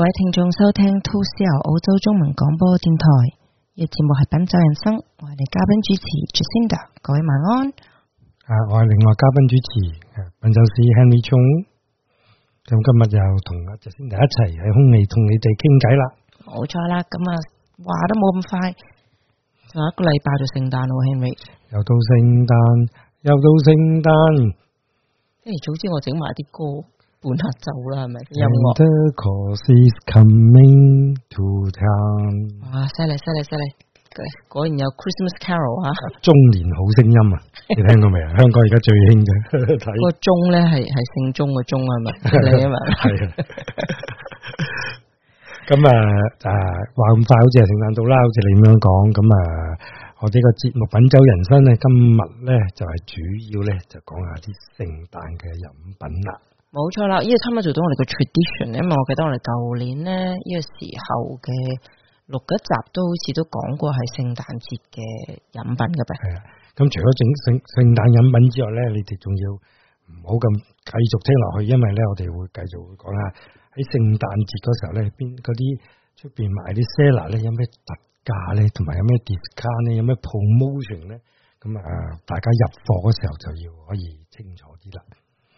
各位聽眾收聽 2CR 澳洲中文廣播電台，嘅節目係品酒人生，我係你嘉賓主持 Jacinda，各位晚安。啊，我係另外嘉賓主持，品酒師 Henry Chong，咁今日就同阿 Jacinda 一齊喺空氣同你哋傾偈啦。冇錯啦，咁啊話都冇咁快，仲一個禮拜就聖誕咯，Henry。又到聖誕，又到聖誕。誒，早知我整埋啲歌。搬下走啦，係咪？音樂哇，犀利犀利犀利！果然有 Christmas Carol 啊，中年好聲音啊，你聽過未啊？香港而家最興嘅，個鍾咧係係姓鍾個鍾啊嘛，你啊嘛，係啊。咁啊啊，話咁快好似係聖誕到啦，好似你咁樣講。咁啊，我哋個節目品酒人生咧，今日咧就係主要咧就講下啲聖誕嘅飲品啦。冇錯啦，呢個差唔多做到我哋個 tradition，因為我記得我哋舊年咧呢個時候嘅六一集都好似都講過係聖誕節嘅飲品㗎噃。係啊，咁除咗整聖聖誕飲品之外咧，你哋仲要唔好咁繼續聽落去，因為咧我哋會繼續會講下。喺聖誕節嗰時候咧，邊嗰啲出邊賣啲 sala 咧，有咩特價咧，同埋有咩 discount 咧，有咩 promotion 咧，咁啊大家入貨嗰時候就要可以清楚啲啦。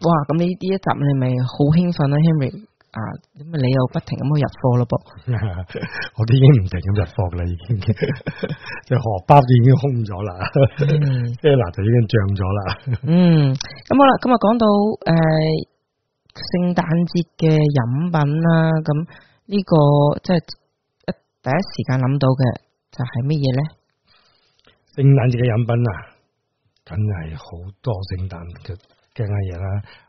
哇！咁呢啲一集你咪好興奮啦，啊，Henry 啊咁你又不停咁去入貨咯噃。 我都已經唔停咁入貨啦，已經嘅，即係荷包已經空咗啦，即係嗱就已經漲咗啦。嗯，咁、 嗯、好啦，今日講到誒，聖誕節嘅飲品啦，咁呢，這個即係一第一時間諗到嘅就係乜嘢咧？聖誕節嘅飲品啊，梗係好多聖誕嘅。嘅嘢啦，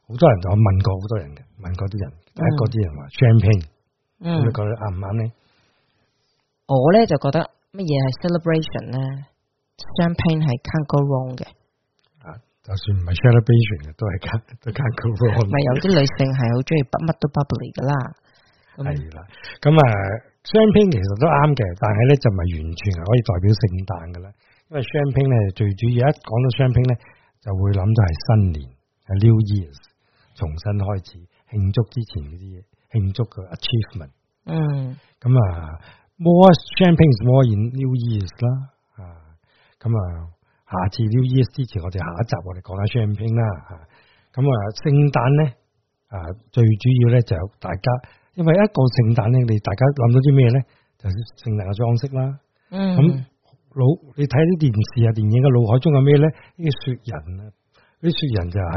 好多人就問過好多人嘅，問過啲人，第一個啲人話 champagne，嗯嗯你覺得啱唔啱呢？」我 咧樂就覺得乜嘢係 celebration 咧，champagne 係 can't go wrong 嘅、嗯。是是啊，就算唔係 celebration 都係 can 都 can't go wrong。咪有啲女性係好中意乜都 bubbly 嚟噶啦。係啦，咁啊，champagne 其實都啱嘅，但係咧就唔係完全係可以代表聖誕噶啦，因為 champagne 咧最主要一講到 champagne 咧，就會諗到係新年。New years 重新開始，慶祝之前嗰啲嘢慶祝嘅 achievement，嗯，咁啊，more champagne is more in new years 啦、啊，啊，咁啊，下次 new years 之前我哋下一集我哋講下 champagne 啦，吓，咁啊，聖誕咧啊，最主要咧就是、大家，因為一個聖誕咧，你大家諗到啲咩咧？就聖誕嘅裝飾啦，嗯，咁腦你睇啲電視啊、電影嘅腦海中有咩咧？呢個雪人啊。啲雪人就喺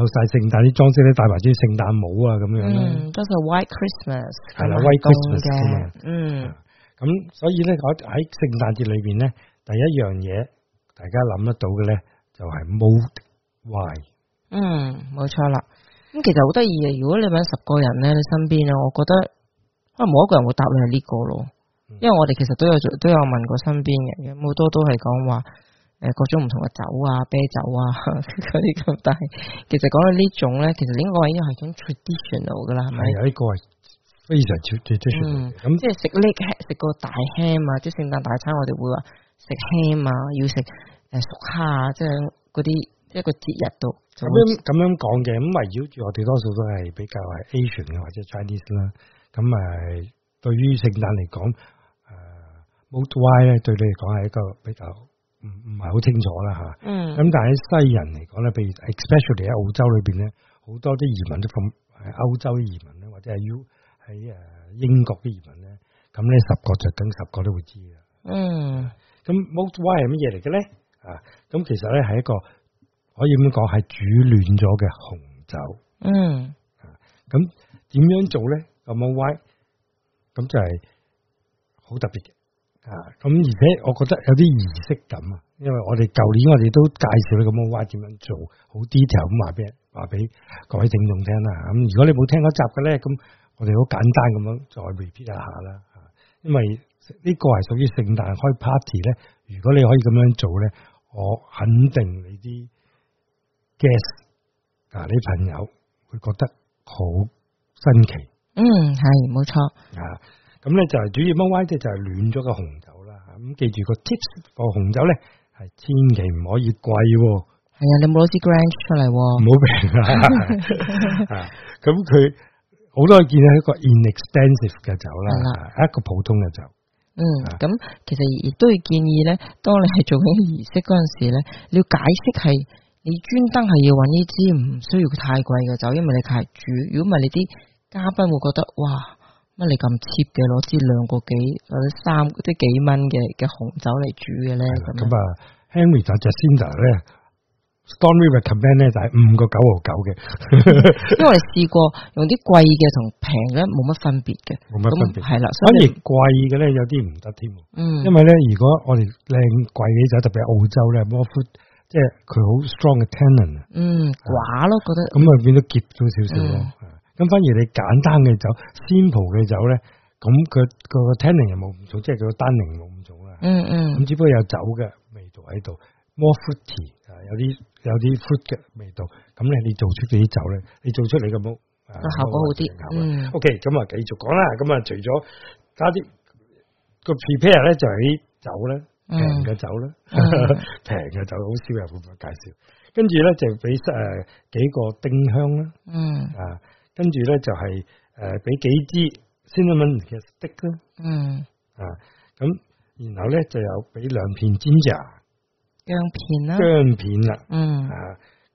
有晒聖誕啲裝飾咧，戴埋啲聖誕帽啊咁樣咯。嗯，都係 White Christmas。係啦，White Christmas 嘅。嗯。咁所以咧，我喺聖誕節裏邊咧，第一樣嘢，大家諗得到嘅咧，就係 Mulled Wine？嗯，冇錯啦。咁其實好得意嘅。如果你問十個人咧，你身邊咧，我覺得可能冇一個人會答你係呢個咯。因為我哋其實都有都有問過身邊嘅，好多都係講話。誒，各種唔同嘅酒啊、啤酒啊嗰啲咁， 但係其實講到呢種咧，其實呢個已經係種 traditional 噶啦，係、嗯、咪？係啊，呢、呢個係非常 traditional。嗯，咁即係食呢食個大 ham 啊，即係聖誕大餐我哋會話食 ham 啊，要食誒熟蝦啊，即係嗰啲一個節日度。咁樣咁樣講嘅，咁圍繞住我哋多數都係比較係 Asian 或者 Chinese 啦。咁啊，對於聖誕嚟講，誒，Mulled Wine 咧對你嚟講係一個比較。唔唔係好清楚啦吓，咁、嗯、但係喺西人嚟講咧，譬如 especially 喺澳洲裏邊咧，好多啲移民都從係歐洲移民咧，或者係要喺誒英國啲移民咧，咁咧十個就等十個都會知㗎。嗯，咁 Mulled Wine 係乜嘢嚟嘅咧？啊，咁其實咧係一個可以咁講係煮暖咗嘅紅酒。嗯，咁、啊、點樣做咧？咁 Mulled Wine 咁就係好特別嘅。啊，咁而且我覺得有啲儀式感聽聽啊,啊，因為我哋舊年我哋都介紹你咁嘅話點樣做好 detail 咁話俾話俾各位聽眾聽啦。咁如果你冇聽嗰集嘅咧，咁我哋好簡單咁樣再 repeat 一下啦。因為呢個係屬於聖誕開 party 咧，如果你可以咁樣做咧，我肯定你啲 guest 啊，你啲朋友會覺得好新奇。嗯，係冇錯。啊。咁咧就係主要乜嘢啫？就係暖咗個紅酒啦。咁記住個 tips 個紅酒咧係千祈唔可以貴。係啊，哎、你冇攞支 Grange 出嚟，啊。唔好俾啦。咁佢好多見係一個 inexpensive 嘅酒啦，啊，一個普通嘅酒。嗯，咁、啊嗯、其實亦都要建議咧，當你係做緊儀式嗰陣時咧，你要解釋係你專登係要搵呢支唔需要太貴嘅酒，因為你係煮。如果唔係你啲嘉賓會覺得哇。乜你咁 cheap 嘅，攞支兩個幾，或者三，啲幾蚊嘅嘅紅酒嚟煮嘅咧？咁啊，Henry Jacinda,、yeah. 就隻 Cinder 咧 Stone River Cabernet 咧就係五個九毫九嘅。 因為試過用啲貴嘅同平嘅咧冇乜分別嘅，冇乜分別係啦。反而貴嘅咧有啲唔得添。嗯，因為咧如果我哋靚貴嘅酒，特別係澳洲咧 more fruit，即係佢好 strong 嘅 tannin。嗯，寡咯，覺得咁咪變咗澀咗少少咯。嗯咁反而你簡單嘅酒 simple 嘅酒咧，咁佢，個 tannin 又冇咁重，即係個單寧冇咁重啊。嗯嗯。咁只不過有酒嘅味道喺度，more fruity 啊，有啲有啲 fruit 嘅味道。咁咧，你做出嘅啲酒咧，你做出嚟嘅冇，啊，效果好啲。嗯。O K，咁啊繼續講啦。咁啊除咗加啲，個 prepare 咧，就係、是、啲酒咧，平、嗯、嘅、嗯、酒啦，平、嗯、嘅 酒好少人會介紹。跟住咧就俾誒、呃、幾個丁香啦。嗯。啊。跟住咧就係誒俾幾支 cinnamon 嘅 stick 咯，嗯，嗯啊咁然後咧就有俾兩片煎炸薑片啦，啊，薑片啦，嗯啊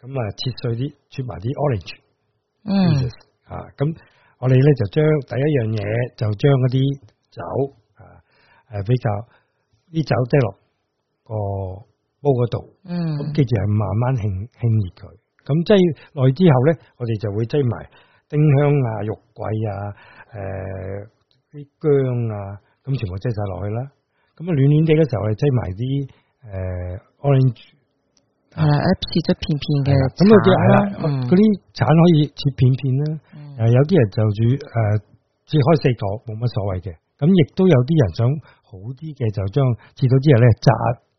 咁啊切碎啲，切埋啲 orange，嗯啊咁我哋咧就將第一樣嘢就將嗰啲酒啊誒比較啲酒滴落個煲嗰度，嗯咁記住係慢慢輕輕熱佢，咁擠耐之後咧我哋就會擠埋。丁香啊、肉桂啊、誒啲薑啊，咁全部擠晒落去啦。咁暖暖啲嘅時候，我哋擠埋啲誒 orange，係啊，切咗片片嘅。咁嗰啲啊，嗰啲橙可以切片片啦。誒、嗯啊，有啲人就煮誒、啊、切開四個，冇乜所謂嘅。咁亦都有啲人想好啲嘅，就將切到之後咧揸，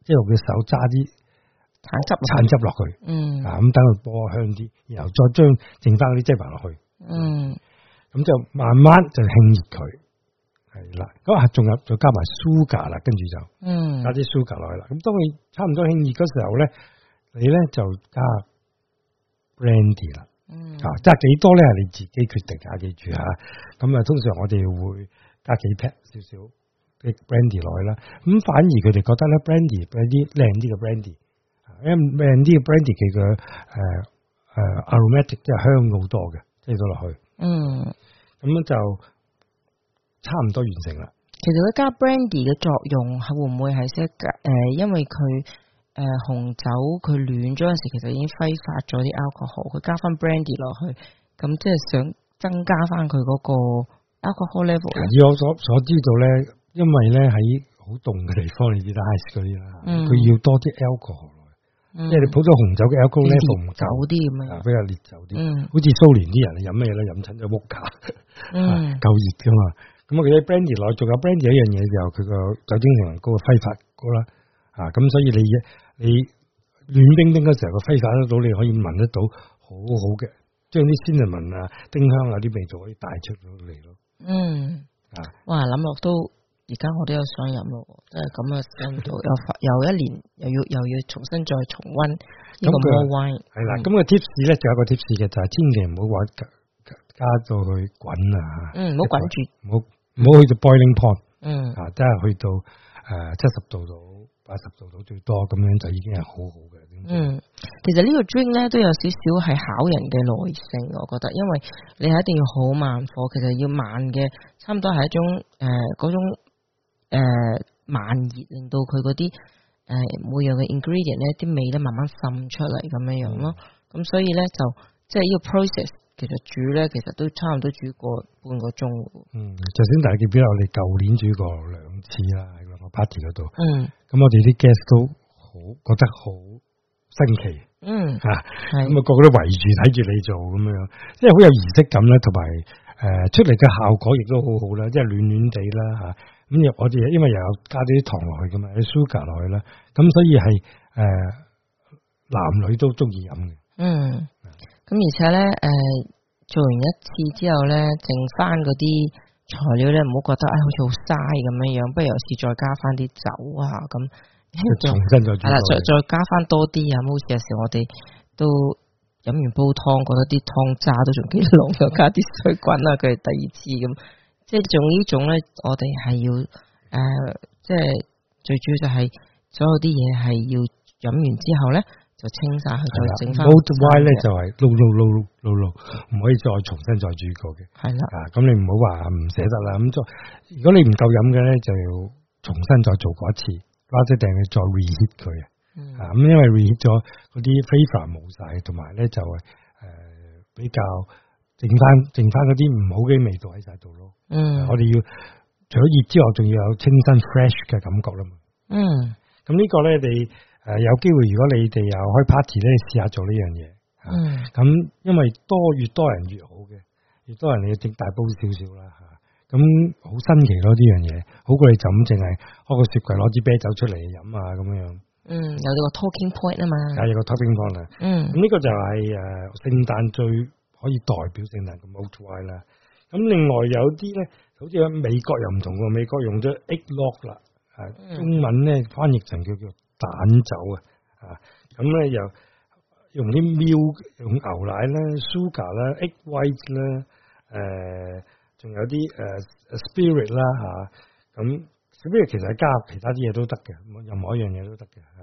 即係、就是、用嘅手揸啲橙汁，橙汁落去。嗯。啊，咁等佢煲香啲，然後再將剩翻啲擠埋落去。嗯，咁就慢慢就興熱佢，係啦。咁啊，仲有就加埋 sugar 啦，跟住就嗯加啲 sugar 落去啦。咁當你差唔多興熱嗰時候咧，你咧就加 brandy 啦。嗯啊，即係，幾多咧係你自己決定啊，記住啊。咁啊，通常我哋會加幾 pet 少少嘅 brandy 落去啦。咁反而佢哋覺得咧，brandy 有啲靚啲嘅 brandy，因為呢個 brandy 佢嘅誒誒 aromatic 即係香好多嘅。傾到落去，嗯，咁樣就差唔多完成啦。其實佢加 brandy 嘅作用係會唔會係即係？因為佢誒、呃、紅酒佢暖咗陣時，其實已經揮發咗啲 alcohol。佢加翻 brandy 落去，咁即係想增加翻佢嗰個 alcohol level。以我所所知道咧，因為咧喺好凍嘅地方，你知得 ice 嗰啲啦，佢要多啲 alcohol。嗯。因為你普通紅酒嘅 alcohol level 唔夠啲咁啊，比較烈酒啲，嗯，好似蘇聯啲人飲咩咧？飲親咗 Vodka 嗯，夠熱噶嘛，咁我記得 brandy 內仲有 brandy 一樣嘢就佢個酒精量高揮發高啦，啊，咁所以你你暖冰冰嘅時候個揮發得到，你可以聞得到很好的，好好嘅，將啲 Cinnamon 啊、丁香啊啲味道可以帶出到嚟咯。嗯，啊，哇，諗落都～而家我都有想飲咯，即係咁嘅程度，又發又一年又要又要重新再重溫，那個那個，呢個 mulled wine 係啦，咁個 tips 咧，仲有一個 tips 嘅就係千祈唔好話加到去滾啊吓，嗯，唔好滾住，唔好唔好去到 boiling point，嗯，啊、呃，即係去到誒七十度到八十度到最多咁樣就已經係好好嘅。嗯，其實呢個 drink 咧都有少少係考人嘅耐性，我覺得，因為你係一定要好慢火，其實要慢嘅，差唔多係一種誒、呃、種。誒、uh,，慢熱令到佢嗰啲誒，uh, 每樣嘅 ingredient 咧，啲味咧慢慢滲出嚟咁樣樣咯。咁、嗯嗯、所以咧就即係呢個 process，其實煮咧其實都差唔多煮過半個鐘、嗯。嗯，頭先大家記唔記得我哋舊年煮過兩次啦喺兩個 party 嗰度。嗯。咁我哋啲 guest 都好覺得好新奇。嗯。吓，係咁啊，個個都圍住睇住你做咁樣樣，即係好有儀式感咧，同埋誒出嚟嘅效果亦都好好啦，即係暖暖地啦吓。啊。咁我哋因為又有加啲糖落去噶嘛，啲 sugar 落去啦。咁所以係誒、呃、男女都中意飲嘅。嗯，咁而且咧誒、呃，做完一次之後咧，剩翻嗰啲材料咧，唔好覺得誒好似好嘥咁樣樣，不如有時再加翻啲酒啊咁。重新再係再，再，再，再加翻多啲啊，好似有時我哋都飲完煲湯，覺得啲湯渣都仲幾濃，又 加啲水滾啊，佢係第二次咁。即係仲呢種咧，我哋係要誒，即係最主要就係所有啲嘢係要飲完之後咧，就清晒佢，再整翻。Otherwise 咧就係撈撈撈撈撈，唔可以再重新再煮過嘅。係啦，啊咁你唔好話唔捨得啦。咁就如果你唔夠飲嘅咧，就要重新再做過一次，rather than 再 reheat 佢啊。啊咁，因為 reheat 咗嗰啲 flavour 冇晒，同埋咧就係誒比較。剩翻剩翻嗰啲唔好嘅味道喺晒度咯，嗯，我哋要除咗熱之外，仲要有清新 fresh 嘅感覺啦嘛，嗯，咁呢個咧，你誒有機會，如果你哋又開 party 咧，試下做呢樣嘢，嗯，咁因為多越多人越好嘅，越多人你要整大煲少少啦，吓，咁好新奇咯呢樣嘢，好過你就咁淨係開個雪櫃攞支啤酒出嚟飲啊咁樣樣，嗯，有咗個 talking point 啊嘛，係有個 talking point，嗯，咁呢個就係誒聖誕最。可以代表性嚟咁 mulled 啦，咁另外有啲咧，好似喺美國又唔同，美國用咗 eggnog 啦，中文咧翻譯成叫做蛋酒啊，啊，咁咧又用啲 milk，用牛奶咧，sugar 咧，egg white 咧，誒，仲有啲誒 spirit 啦，嚇，咁 spirit 其實加其他啲嘢都得嘅，任何一樣嘢都得嘅嚇，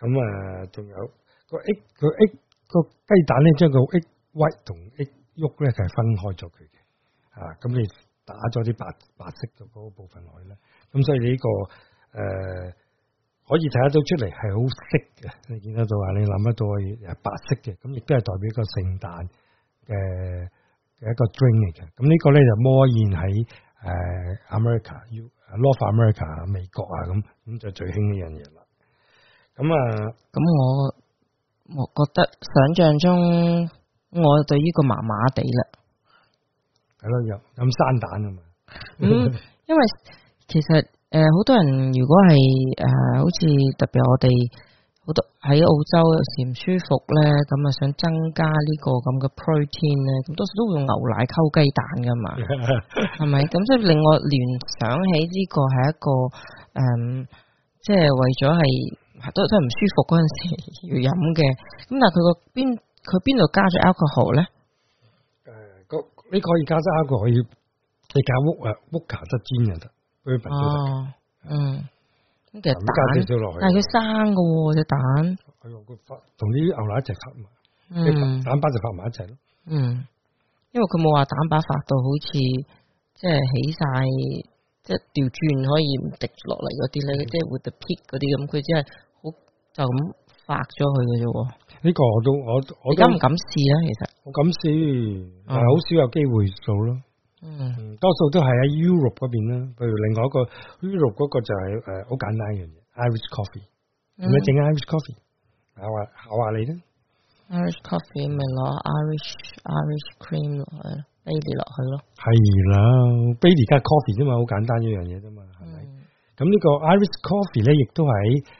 咁啊，仲有個 egg，個 egg 個雞蛋咧，將個 egg。White 同 egg yolk 咧，係分開咗佢嘅，啊，咁你打咗啲白白色嘅嗰個部分落去咧，咁所以呢、這個誒、呃、可以睇得到出嚟係好色嘅，你見得到啊，你諗得到啊，白色嘅，咁亦都係代表一個聖誕嘅嘅一個 drink 嚟嘅，咁呢個咧就摸現喺誒 America，U，North America 啊 America，美國啊，咁咁就最興呢樣嘢啦。咁啊，咁我我覺得想象中。我對呢個麻麻地啦，係咯，又飲生蛋啊嘛。嗯，因為其實誒，好多人如果係誒、呃，好似特別我哋好多喺澳洲有時唔舒服咧，咁啊想增加呢個咁嘅 protein 咧，咁多數都會用牛奶溝雞蛋噶嘛，係 咪？咁即係令我聯想起呢個係一個誒，即係為咗係都都係唔舒服嗰陣時要飲嘅。咁但係佢個邊？佢邊度加咗 alcohol 咧？誒，你可以加咗 alcohol 可以，你搞屋啊，屋架得煎就得，佢唔平都得。嗯、咁、嗯嗯、其實蛋，但係佢生嘅喎隻蛋。哎喲，佢發同啲牛奶一齊吸啊嘛，蛋白就發埋一齊咯。嗯，因為佢冇話蛋白發到好似即係起晒，即、就、係、是、掉轉、嗯嗯嗯就是就是、可以滴落嚟嗰啲咧，即係會得撇嗰啲咁，佢只係好就咁。畫咗佢嘅啫，呢、呢個我都我你敢唔敢試啦。其實我敢試，嗯、但係好少有機會做咯、嗯。嗯，多數都係喺 Europe 嗰邊啦，譬如另外一個 Europe 嗰個就係誒好簡單嘅嘢，Irish Coffee，咁啊整 Irish Coffee，我話考下你啦。Irish Coffee 咪攞、嗯、Irish Irish，Irish Irish Cream 咯，Bailey 落去咯。係、嗯、啦，Bailey 家係 Coffee 啫嘛，好簡單一樣嘢啫嘛，係咪？咁、嗯、呢個 Irish Coffee 咧，亦都係。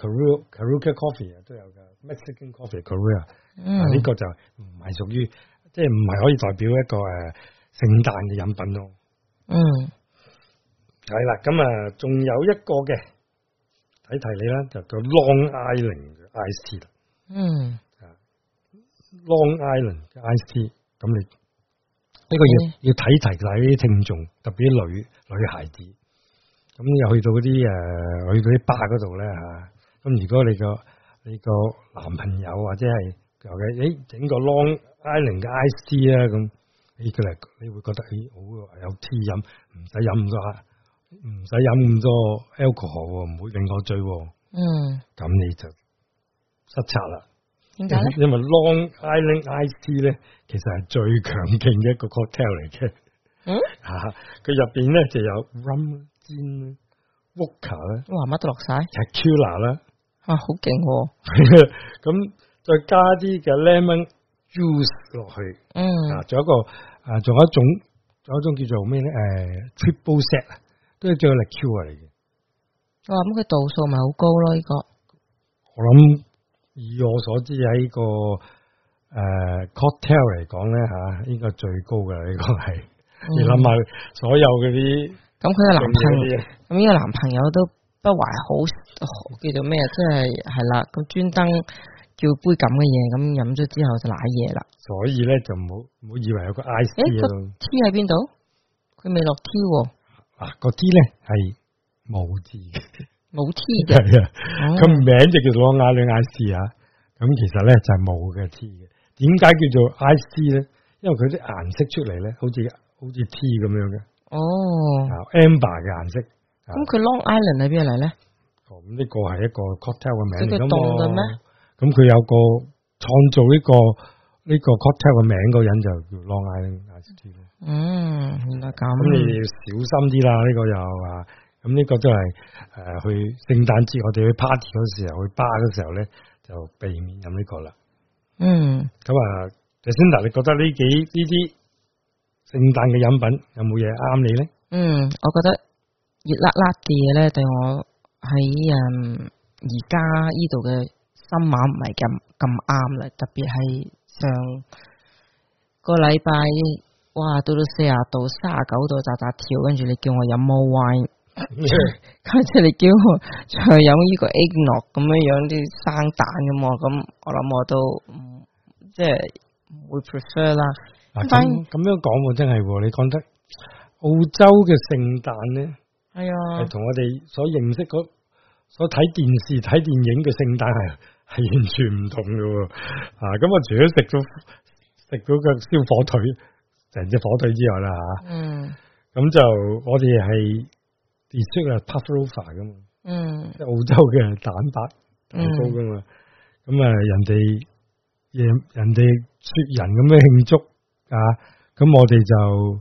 Caruca Coffee 都有㗎 Mexican Coffee Caruca，啊、嗯、呢個就唔係屬於，即係唔係可以代表一個誒、呃、聖誕嘅飲品咯。嗯，係啦，咁啊仲有一個嘅睇提你啦，就叫 Long Island Iced Tea e 嗯，Long Island Iced Tea，咁你呢、嗯呢個要要睇提嗱啲聽眾，特別啲女女孩子，咁又去到嗰啲誒去嗰啲 bar 嗰度咧嚇。啊咁如果你個你個男朋友或者係誒，整個 Long Island 嘅 Iced Tea 啦，咁你嚟你會覺得誒、欸，好有 T 飲，唔使飲咁多，唔使飲咁多 alcohol，唔會令我醉。嗯，咁你就失策啦。點解咧？因為 Long Island Iced Tea 咧，其實係最強勁嘅一個 cocktail 嚟嘅。吓、嗯，佢入邊咧就有 rum gin vodka 咧。哇！乜都落晒。tequila 啦。啊，好勁、哦！咁 再加啲嘅 lemon juice 落去，嗯，啊，仲有一個啊，仲有一種，仲有一種叫做咩咧？誒、uh,，triple sec 啊，都係一個 liqueur 嚟嘅。哇，咁佢度數咪好高咯？呢個我諗以我所知喺、呢個誒、uh, cocktail 嚟講咧吓，應該最高嘅呢個係。嗯、 你諗下所有嗰啲咁佢嘅男朋友，咁呢個男朋友都。不懷好、哦、叫做咩？即係係啦，咁專登叫杯咁嘅嘢，咁飲咗之後就奶嘢啦。所以咧，就唔好唔好以為有個 I。c 個 T 喺邊度？佢未落 T 喎。嗱，個 T 咧係冇字的。冇 T 嘅。佢、 哦、名就叫做我嗌歷 IC 啊。咁其實咧就係冇嘅 T 嘅。點解叫做 I C 咧？因為佢啲顏色出嚟咧，好似好似 T 咁樣嘅。哦。啊、a m b e r 嘅顏色。咁佢 Long Island 喺邊嚟咧？哦，咁呢個係一個 cocktail 嘅名嚟噶嘛？咁佢有個創造呢個呢個 cocktail 嘅名，個人就叫 Long Island。嗯，原來咁。咁你小心啲啦，呢個又啊，咁呢個都係誒，去聖誕節我哋去 party 嗰時候去 bar 嗰時候咧，就避免飲呢個啦。嗯。咁啊，Jacinda，你覺得呢幾呢啲聖誕嘅飲品有冇嘢啱你咧？嗯，我覺得。熱辣辣嘅嘢咧，對我喺誒而家呢度嘅心碼唔係咁咁啱啦，特別係上個禮拜哇，到到四啊度，三啊九度扎扎跳，跟住你叫我飲 mulled wine 跟住 你叫我再飲呢個 egg nog 咁樣樣啲生蛋咁咁我諗我都即係唔會 prefer 啦。嗱、啊，咁咁樣講我真係，你講得澳洲嘅聖誕咧。係啊，係同我哋所認識的所睇電視睇電影嘅聖誕係係完全唔同嘅，啊！咁啊，除咗食咗食個燒火腿成隻火腿之外啦，吓、啊，嗯，咁就我哋係雪 Pavlova 噶嘛，嗯，即係澳洲嘅蛋白蛋糕噶嘛，咁、嗯、啊，人哋人哋雪人咁樣慶祝啊，咁我哋就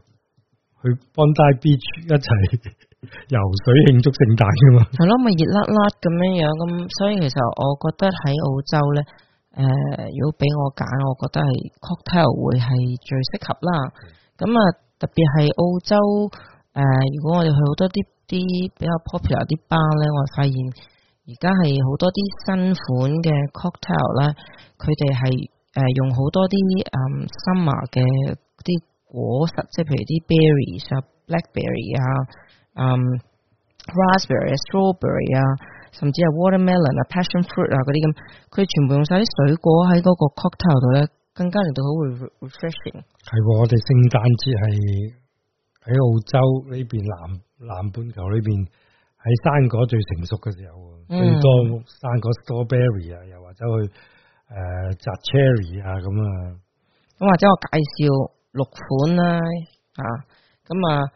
去 Bondi Beach 一齊游水慶祝聖誕噶嘛，係咯，咪熱甩甩咁樣樣咁，所以其實我覺得喺澳洲咧，誒，如果俾我揀，我覺得係 cocktail 會係最適合啦。咁啊，特別係澳洲誒，如果我哋去好多啲啲比較 popular 啲吧咧，我哋發現而家係好多啲新款嘅 cocktail 咧，佢哋係誒用好多啲誒 summer 嘅啲果實，即係譬如啲 berries 啊，blackberry 啊。嗯、um，raspberry、strawberry 啊，甚至係 watermelon 啊、passion fruit 啊嗰啲咁，佢全部用晒啲水果喺嗰個 cocktail 度咧，更加令到好 refreshing。係，我哋聖誕節係喺澳洲呢邊南南半球呢邊，喺生果最成熟嘅時候，最、嗯、多生果 strawberry 啊，又或者去誒摘、呃、cherry 啊咁啊，咁或者我介紹六款啦啊，咁啊。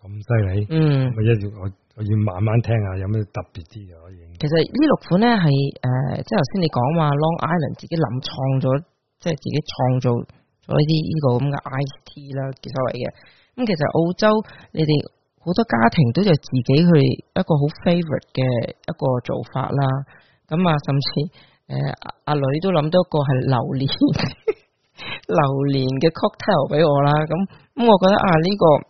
咁犀利，嗯，我一我我要慢慢聽下，有咩特別啲嘅可以。其實呢六款咧係誒，即係頭先你講話 Long Island 自己諗創咗，即係自己創造咗呢啲呢個咁嘅 IT 啦，其實所謂嘅。咁其實澳洲你哋好多家庭都就自己去一個好 favorite 嘅一個做法啦。咁啊，甚至誒阿阿女都諗到一個係榴蓮 榴蓮嘅 cocktail 俾我啦。咁咁，我覺得啊呢個。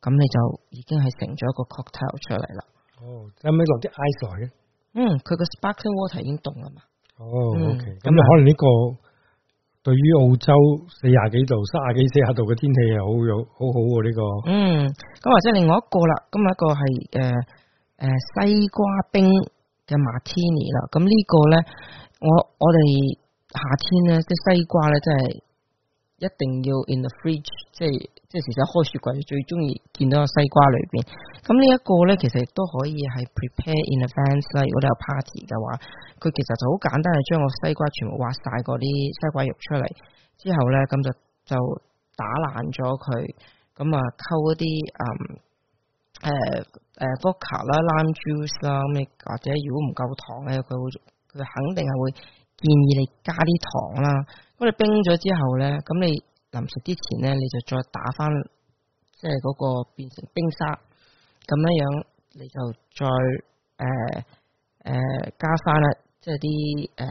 咁你就已經係成咗一個 cocktail 出嚟啦。哦，有冇落啲 ice 落嘅？嗯，佢個 sparkling water 已經凍啦嘛。哦，咁可能呢個對於澳洲四廿幾度、三十幾四、四下度嘅天氣係好有好好喎呢個。嗯，咁或者另外一個啦，今日一個係誒誒西瓜冰嘅 martini 啦。咁呢個咧，我我哋夏天咧嘅西瓜咧真係。一定要 in the fridge，即係即係其實開雪櫃最中意見到個西瓜裏邊。咁呢一個咧，其實亦都可以係 prepare in advance 啦。如果你有 party 嘅話，佢其實就好簡單，係將個西瓜全部挖晒嗰啲西瓜肉出嚟，之後咧咁就就打爛咗佢，咁啊溝一啲嗯誒誒 vodka 啦、lime juice 啦咁，或者如果唔夠糖咧，佢會佢肯定係會建議你加啲糖啦。我，咁你冰咗之後咧，咁你臨食之前咧，你就再打翻，即係嗰個變成冰沙咁樣樣，你就再誒誒、呃呃、加翻啦，即係啲誒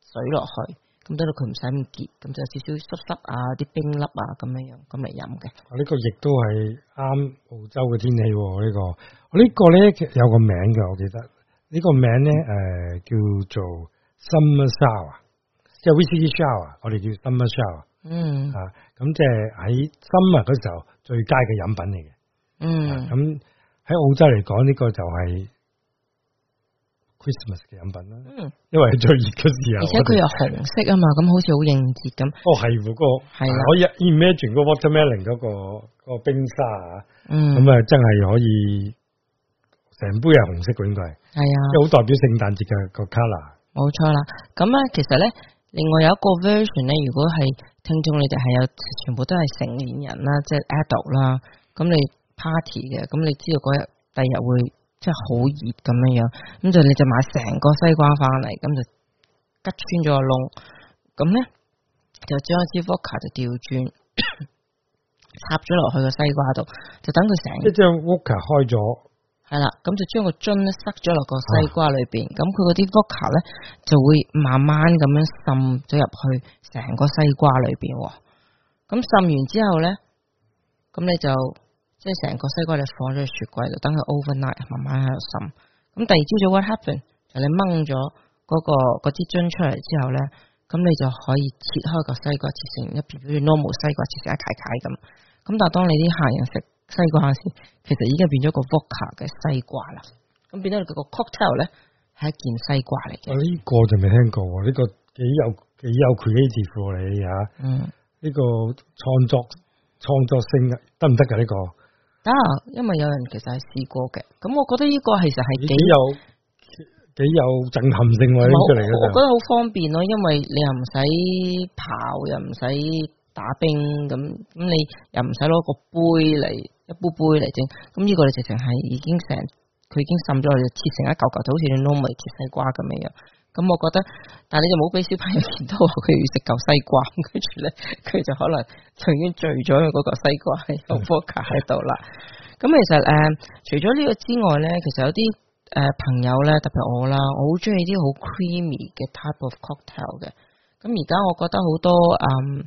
水落去，咁等到佢唔使咁結，咁就少少濕濕啊，啲冰粒啊咁樣樣咁嚟飲嘅。我呢、啊，這個亦都係啱澳洲嘅天氣，啊、呢、這個這個呢個咧其實有個名嘅，我記得呢、這個名咧誒、嗯、叫做 summer、Star。即係 V C G shower 啊，我哋叫 summer shower 嗯啊，咁即係喺 summer 嗰時候最佳嘅飲品嚟嘅，嗯，咁喺澳洲嚟講呢個就係 Christmas 嘅飲品啦，嗯，因為最熱嘅時候，而且佢又紅色啊嘛，咁好似好應節咁。哦，係個係啊，可以 imagine 個 watermelon 嗰個個冰沙啊，嗯，咁啊真係可以成杯係紅色嘅，應該係，係啊，即係好代表聖誕節嘅個 color。冇錯啦，咁咧其實咧。另外有一個 version 咧，如果係聽眾你哋係有全部都係成年人啦，即係 adult 啦，咁你 party 嘅，咁你知道嗰日第日會即係好熱咁樣樣，咁就你就買成個西瓜翻嚟，咁就吉穿咗個窿，咁咧就將支 vodka 就掉轉插咗落去個西瓜度，就等佢成。即係將 vodka 開咗。係啦，咁就將個樽咧塞咗落個西瓜裏邊，咁佢嗰啲 vodka 咧就會慢慢咁樣滲咗入去成個西瓜裏邊。咁滲完之後咧，咁你就即係成個西瓜你放咗喺雪櫃度，等佢 overnight 慢慢喺度滲。咁第二朝早 what happened？就你掹咗嗰個嗰支樽出嚟之後咧，咁你就可以切開個西瓜，切成一片片 normal 西瓜，切成一塊塊咁。咁但係當你啲客人食。西瓜下先，其實已經變咗個 Vodka 嘅西瓜啦。咁變咗個 cocktail 咧，係一件西瓜嚟嘅。呢、啊這個就未聽過啊！呢、這個幾有幾有 creative 你吓、啊？嗯，呢、這個創作創作性得唔得噶呢個？啊，因為有人其實係試過嘅。咁我覺得呢個其實係幾有幾有震撼性喎呢出嚟。我覺得好方便咯，因為你又唔使跑，又唔使。打冰咁，咁你又唔使攞個杯嚟一杯杯嚟整，咁呢個你直情係已經成佢已經滲咗落切成一嚿嚿，好似攞嚟切西瓜咁樣。咁我覺得，但係你就冇俾小朋友見到佢要食嚿西瓜，跟住咧佢就可能已經醉咗喺嗰嚿西瓜 focus 喺度啦。咁 其實誒、嗯，除咗呢個之外咧，其實有啲誒朋友咧，特別我啦，我好中意啲好 creamy 嘅 type of cocktail 嘅。咁而家我覺得好多、嗯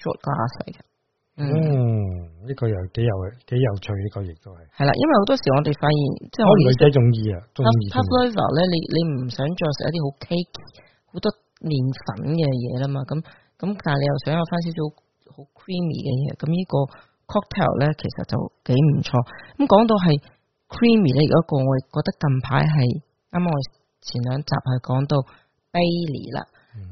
作架勢嘅，嗯，呢、嗯這個又幾有幾有趣，呢、這個亦都係係啦，因為好多時我哋發現，即係女仔中意啊，中意 top flavor 咧，Level，你你唔想再食一啲好 cake，好多麵粉嘅嘢啦嘛，咁咁但係你又想有翻少少好 creamy 嘅嘢，咁呢個 cocktail 咧其實就幾唔錯。咁講到係 creamy 咧，有一個我覺得近排係啱啱我前兩集係講到 Baileys 啦，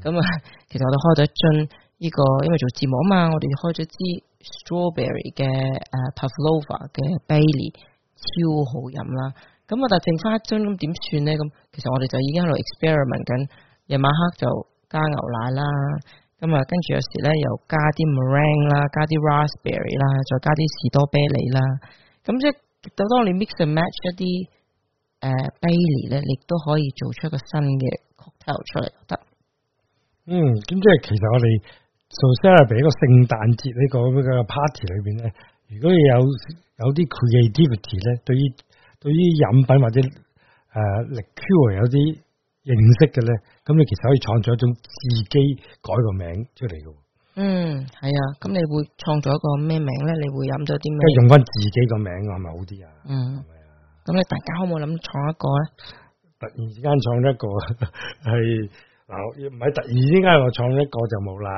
咁、嗯、啊，其實我都開咗一樽。呢、這個因為做節目啊嘛，我哋開咗支 strawberry 嘅誒 pavlova 嘅 Bailey 超好飲啦。咁我就剩翻一樽，咁點算咧？咁其實我哋就已經喺度 experiment 緊，夜晚黑就加牛奶啦。咁啊，跟住有時咧又加啲 meringue 啦，加啲 raspberry 啦，再加啲士多啤梨啦。咁即係到當你 mix and match 一啲誒 Bailey 咧，亦都可以做出一個新嘅 cocktail 出嚟得。嗯，咁即係其實我哋。做西亞畀呢個聖誕節呢個咁嘅 party 裏邊咧，如果你有有啲 creativity 咧，對於對於飲品或者誒 liquor 有啲認識嘅咧，咁你其實可以創造一種自己改個名出嚟嘅。嗯，係啊，咁你會創造一個咩名咧？你會飲咗啲咩？即係用翻自己個名係咪好啲啊？嗯，咁你大家可唔可以諗創一個咧？突然之間創一個係嗱，唔 係突然之間我創一個就冇啦。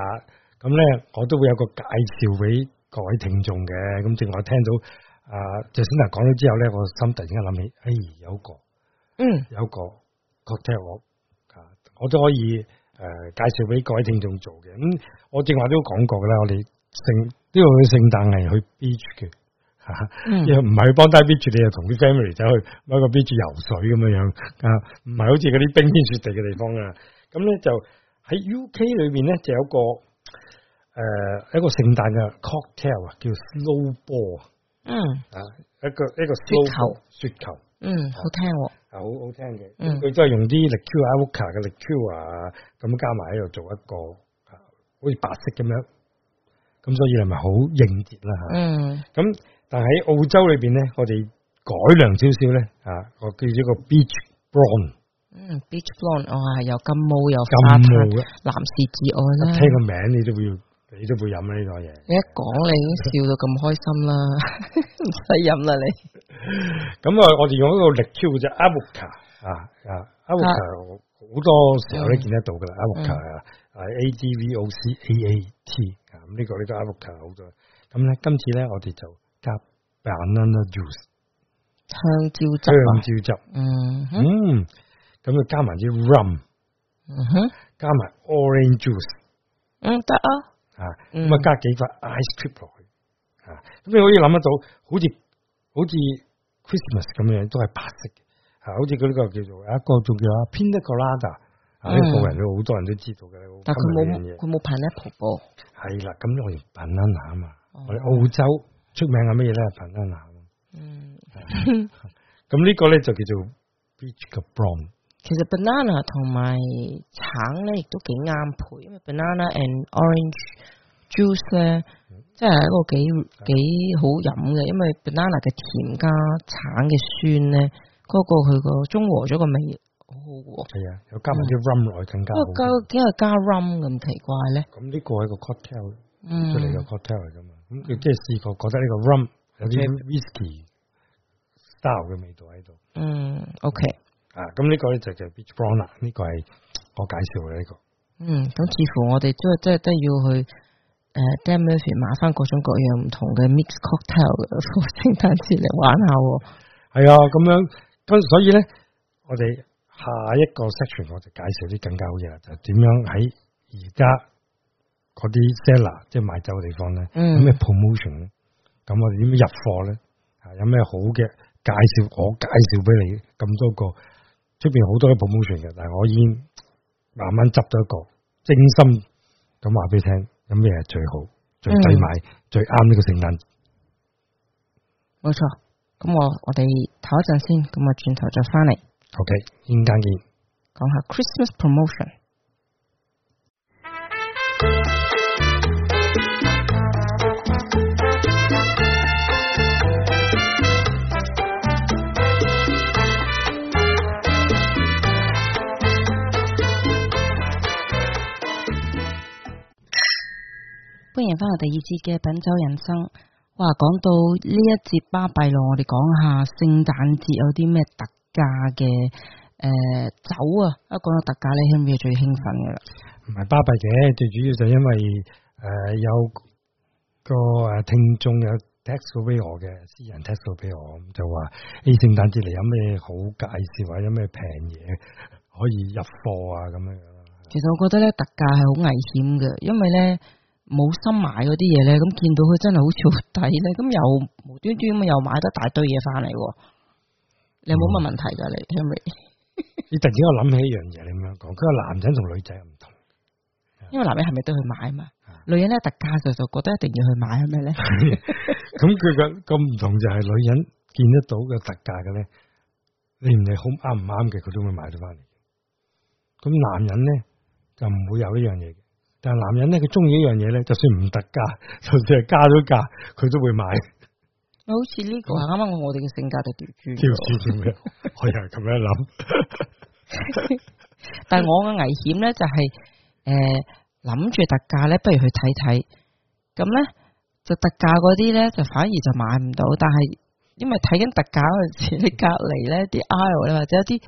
咁咧，我都會有一個介紹俾各位聽眾嘅。咁正話聽到啊 Jacinda 講咗之後咧，我心突然間諗起，誒、哎，有個，嗯，有個，cocktail，我，啊，我都可以誒、呃、介紹俾各位聽眾做嘅。咁我正話都講過啦，我哋聖呢個聖誕係去 beach 嘅，吓、嗯，又唔係去幫低 beach，你又同啲 family 走去一個 beach 游水咁樣樣啊，唔係好似嗰啲冰天雪地嘅地方啊。咁咧就喺 UK 裏邊咧，就有個。誒、呃，一個聖誕嘅 cocktail 啊，叫 snowball。嗯。啊，一個一個 ball，雪球，雪球。嗯，啊嗯啊、嗯好聽喎。好好聽嘅。佢都係用啲 liqueur a 嘅 liqueur 啊，咁加埋喺度做一個，啊，好似白色咁樣。咁、啊、所以係咪好應節啦？吓、啊。嗯。咁，但係喺澳洲裏邊咧，我哋改良少少咧，啊，我叫咗個 beach blonde 嗯。嗯，beach blonde，我係又金毛有金毛嘅。男士至愛啦。聽個名你都會。你都會飲呢個嘢？你一講你已經笑到咁開心啦，唔使飲啦你。咁啊，我哋用一個力超嘅啫，阿木球啊啊，阿木球好多時候都見得到噶啦，阿木球係啊，係 A D V O C A A T 啊。咁呢個呢個阿木球好嘅。咁咧，今次咧，我哋就加 banana juice，香蕉汁啊。香蕉汁，嗯嗯，咁就加埋啲 rum，嗯哼，加埋 orange juice，嗯得啊。啊、嗯，咁啊加幾塊 ice cream 落去，啊，咁你可以諗得到，好似好似 Christmas 咁樣都係白色嘅，啊，好似佢呢個叫做一個仲叫啊，Piña Colada，呢、嗯這個人都好多人都知道嘅，但佢冇，佢冇 pineapple，係啦，咁我哋 pineapple 啊嘛，哦、我哋澳洲出名係咩咧？pineapple，咁呢、嗯嗯、 個咧就叫做 beach o n 其實 banana 同埋橙咧，亦都幾啱配，因為 banana and orange juice 咧，即係一個幾幾好飲嘅，因為 banana 嘅甜加橙嘅酸咧，嗰個佢個中和咗個味，好好喎。係啊，有加埋啲 rum 落去更加好。不過加因為加 rum 咁奇怪咧？咁呢個係個 cocktail，嗯，出嚟個 cocktail 嚟噶嘛？咁你即係試過覺得呢個 rum 有啲 whisky style 嘅味道喺度？嗯，OK。啊，咁呢個就就 beach bar 啦，呢個係我介紹嘅呢個。嗯，咁似乎我哋都係都係都要去誒，demo 翻各種各樣唔同嘅 mix cocktail，嘅聖誕節嚟玩下。係啊，咁樣咁所以咧，我哋下一個 section 我就介紹啲更加好嘢，就點樣喺而家嗰啲 seller 即係賣酒嘅地方咧，有咩 promotion，咁我哋點樣入貨咧？啊，有咩好嘅介紹？我介紹俾你咁多個。出邊好多嘅 promotion 嘅，但係我已經慢慢執咗一個精心咁話俾你聽，有咩最好、最抵買、嗯、最啱呢個聖誕？冇錯，咁我我哋唞一陣先，咁啊轉頭再翻嚟。OK，陣間見，講下 Christmas promotion。翻嚟第二節嘅品酒人生，哇！講到呢一節巴閉咯，我哋講下聖誕節有啲咩特價嘅誒、呃、酒啊！一講到特價咧，你係咪最興奮噶啦。唔係巴閉嘅，最主要就因為誒有個誒聽眾有 text 到俾我嘅私人 text 到俾我，咁就話：A 聖誕節嚟有咩好介紹啊？有咩平嘢可以入貨啊？咁樣。其實我覺得咧，特價係好危險嘅，因為咧。冇心買嗰啲嘢咧，咁見到佢真係好似好抵咧，咁又無端端咁又買得大堆嘢翻嚟，你冇乜問題噶你？嗯、 你突然之間我諗起一樣嘢，你咁樣講，佢話男人同女仔唔同，因為男人係咪都去買嘛、嗯？女人咧特價嘅就覺得一定要去買係咪咧？咁佢個咁唔同就係、是、女人見得到嘅特價嘅咧，你唔係好啱唔啱嘅佢都會買咗翻嚟。咁男人咧就唔會有呢樣嘢。但係男人咧，佢中意一樣嘢咧，就算唔特價，就算係加咗價，佢都會買。好似呢、呢個，啱 啱我哋嘅性格就點？知 知知咩？我又係咁樣諗。 但係我嘅危險咧、就係，就係誒諗住特價咧，不如去睇睇。咁咧就特價嗰啲咧，就反而就買唔到。但係因為睇緊特價嗰陣時，你隔籬咧啲 I，咧或者一啲。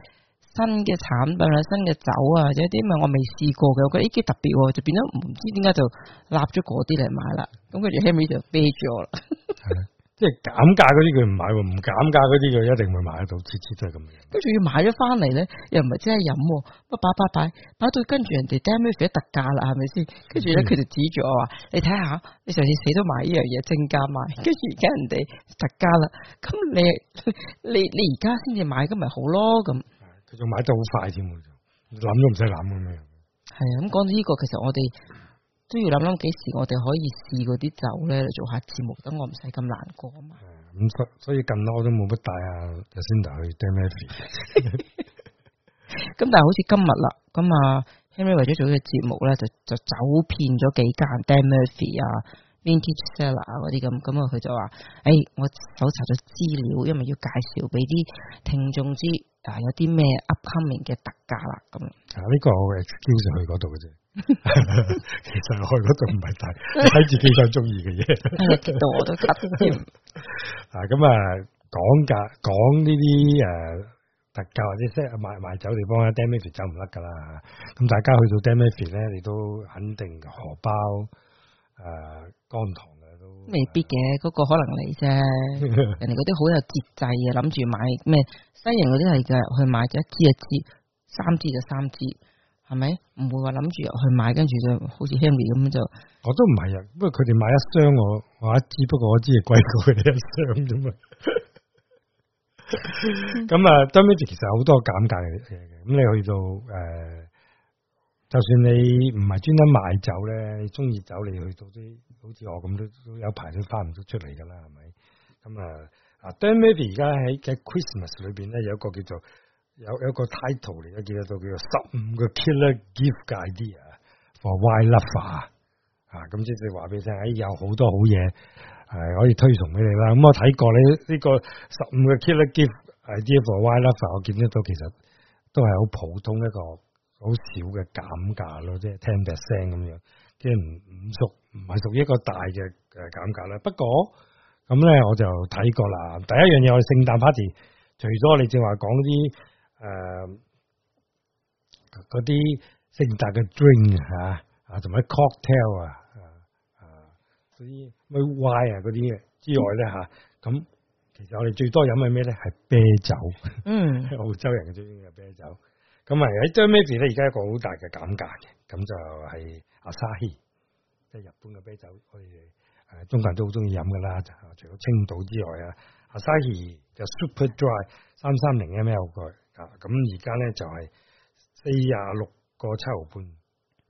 新嘅產品啊，新嘅酒啊，或者啲咪我未試過嘅，我覺得依啲特別，就變咗唔知點解就立咗嗰啲嚟買啦。咁跟住 Henry 就啤住我啦。係啦，即係減價嗰啲佢唔買，唔減價嗰啲佢一定會買得到，次次都係咁樣。跟住要買咗翻嚟咧，又唔係真係飲，乜擺擺擺擺到跟住人哋 damn 特價啦，係咪先？跟住咧佢就指住我話：你睇下，你上次死都買呢樣嘢，正價買，跟住而家人哋特價啦，咁你你你而家先至買咁咪好咯咁。仲買得好快添，諗都唔使諗咁樣。係啊，咁講到呢、這個，其實我哋都要諗諗幾時我哋可以試嗰啲酒咧，做下節目，等我唔使咁難過啊嘛。咁所所以近我都冇乜帶啊，Jacinda 去 Dan Murphy's。咁 但係好似今日啦，咁 Henry 為咗做個節目咧，就就走遍咗幾間 Dan Murphy's 啊，Vintage Cellars 啊嗰啲咁，咁啊佢就話：誒、欸，我搜查咗資料，因為要介紹俾啲聽眾知。啊、呃，有啲咩 upcoming 嘅特價啦咁啊。呢個我叫上去嗰度嘅啫，其實我去嗰度唔係大睇自己想中意嘅嘢，激到我都急添。啊！咁、這個、 啊，講價講呢啲誒特價或者即係賣賣酒地方咧，Dan Murphy's 走唔甩噶啦。咁大家去到 Dan Murphy's 咧，你都肯定荷包誒乾、呃、塘。未必嘅，嗰、嗰個可能嚟啫。人哋嗰啲好有節制嘅，諗住買咩？西人嗰啲係入去買一支一支，一支，三支就三支，係咪？唔會話諗住入去買，跟住就好似 Henry 咁樣就。我都唔係啊，不過佢哋買一箱，我買一支。不過我支係貴過佢哋一箱啫嘛。咁啊 Diamond 其實好多減價嘅嘢嘅。咁你去到誒。呃就算你唔係專登賣酒咧，你中意酒你去到啲，好似我咁都都有排都翻唔到出嚟噶啦，係咪？咁啊，啊，Donny 而家喺 Christmas 裏邊咧，有一個叫做有有個 title 嚟，我見得到叫做十五、 uh, 呃、個，個 killer gift idea for wine lover 啊，咁即係話俾你聽，誒，有好多好嘢係可以推崇俾你啦。咁我睇過你呢個十五個 killer gift idea for wine lover，我見得到其實都係好普通一個。好少嘅減價咯，即係 ten percent 咁樣，即係唔唔屬唔係屬於一個大嘅誒減價啦。不過咁咧，我就睇過啦。第一樣嘢我哋聖誕 party，除咗你正話講啲誒嗰啲聖誕嘅 drink 嚇啊，同埋 cocktail 啊啊，所以咩 wine 啊嗰啲之外咧嚇，咁、嗯啊、其實我哋最多飲係咩咧？係啤酒。嗯， 澳洲人最中意嘅啤酒。咁喺將咩字咧？而家一個好大嘅減價嘅，咁就係阿 s a 沙希，即係日本嘅啤酒，我哋誒中國人都好中意飲㗎啦。除咗青島之外啊，阿沙希就 Super Dry 三三零 M L 佢啊，咁而家咧就係四啊六個七毫半，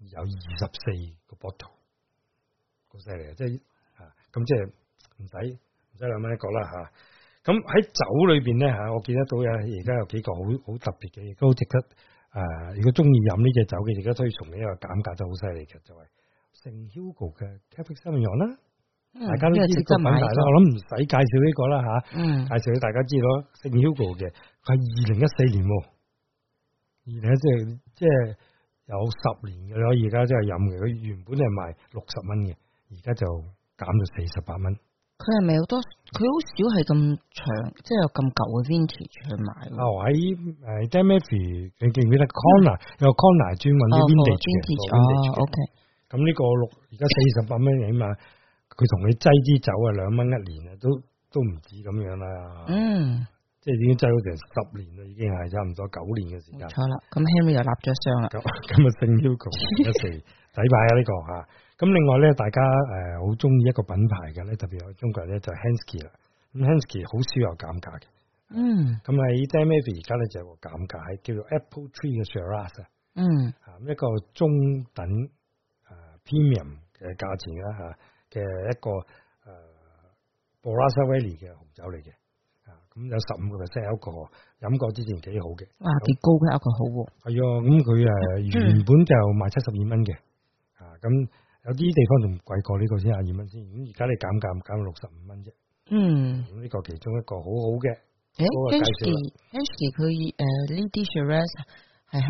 有二十四個 bottle，好犀利啊！即係啊，咁即係唔使唔使咁樣講啦嚇。咁喺酒裏邊咧嚇，我見得到呀，而家有幾個好好特別嘅，亦都好值得誒、呃。如果中意飲呢隻酒嘅，而家推崇呢個減價就好犀利嘅，就係聖、就是、Hugo 嘅 Cabernet Sauvignon 啦、嗯。大家都識得呢個品牌啦，我諗唔使介紹呢個啦嚇、啊。嗯。介紹俾大家知咯，聖 Hugo 嘅佢係二零一四年，二零即係即係有十年嘅啦。而家即係飲嘅，佢原本係賣六十蚊嘅，而家就減咗四十八蚊。佢係咪好多？佢好少係咁長，即係有咁舊嘅 vintage 去買。嗱喺誒 Dan Murphy 你記唔記得 Connor？、嗯、有 Connor 專揾啲 vintage 嘅、哦、，vintage 咁、哦、呢、okay 嗯呢個六而家四十八蚊起碼，佢同你擠啲酒啊，兩蚊一年啊，都都唔止咁樣啦。嗯，即係已經擠咗成十年啦，已經係差唔多九年嘅時間。冇錯啦，咁 Henry 又立咗箱啦。咁咁啊，升 Ugo 一時洗拜啊呢個嚇。咁另外咧，大家誒好中意一個品牌嘅咧，特別我中國人咧就係、Henschke 啦。咁 Henschke 好少有減價嘅，嗯。咁喺 Dan Murphy 而家咧就有個減價，叫做 Apple Tree 嘅 Shiraz 嗯。咁一個中等誒 Premium 嘅價錢啦，吓嘅一個誒 Barossa Valley 嘅紅酒嚟嘅，啊，咁有十五個 percent 一個飲、啊啊、過之前幾好嘅。哇，幾高嘅一個好喎。係啊，咁佢誒原本就賣七十二蚊嘅，啊咁。嗯有啲地方仲貴過呢、呢個先廿二蚊先，咁而家你減價減到六十五蚊啫。嗯，咁呢個其中一個好好嘅。誒 Hansky 佢誒 Lindisfarra 係喺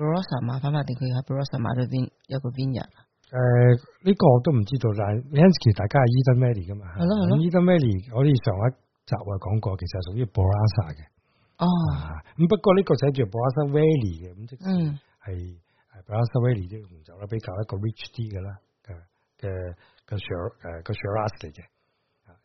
Barossa 買，反反地佢喺 Barossa 買咗邊一個邊日？誒、呃，呢、呢個我都唔知道，但 Hansky 大家係伊登 Merry 噶嘛。係咯係咯。伊登 Merry 我哋上一集我講過，其實屬於 Barossa 嘅。哦。咁、啊、不過呢個寫住 Barossa Valley 嘅，咁即係係係 Barossa Valley 啲紅酒啦，比較一個 rich 啲嘅啦。嘅嘅雪誒嘅雪拉斯嚟嘅，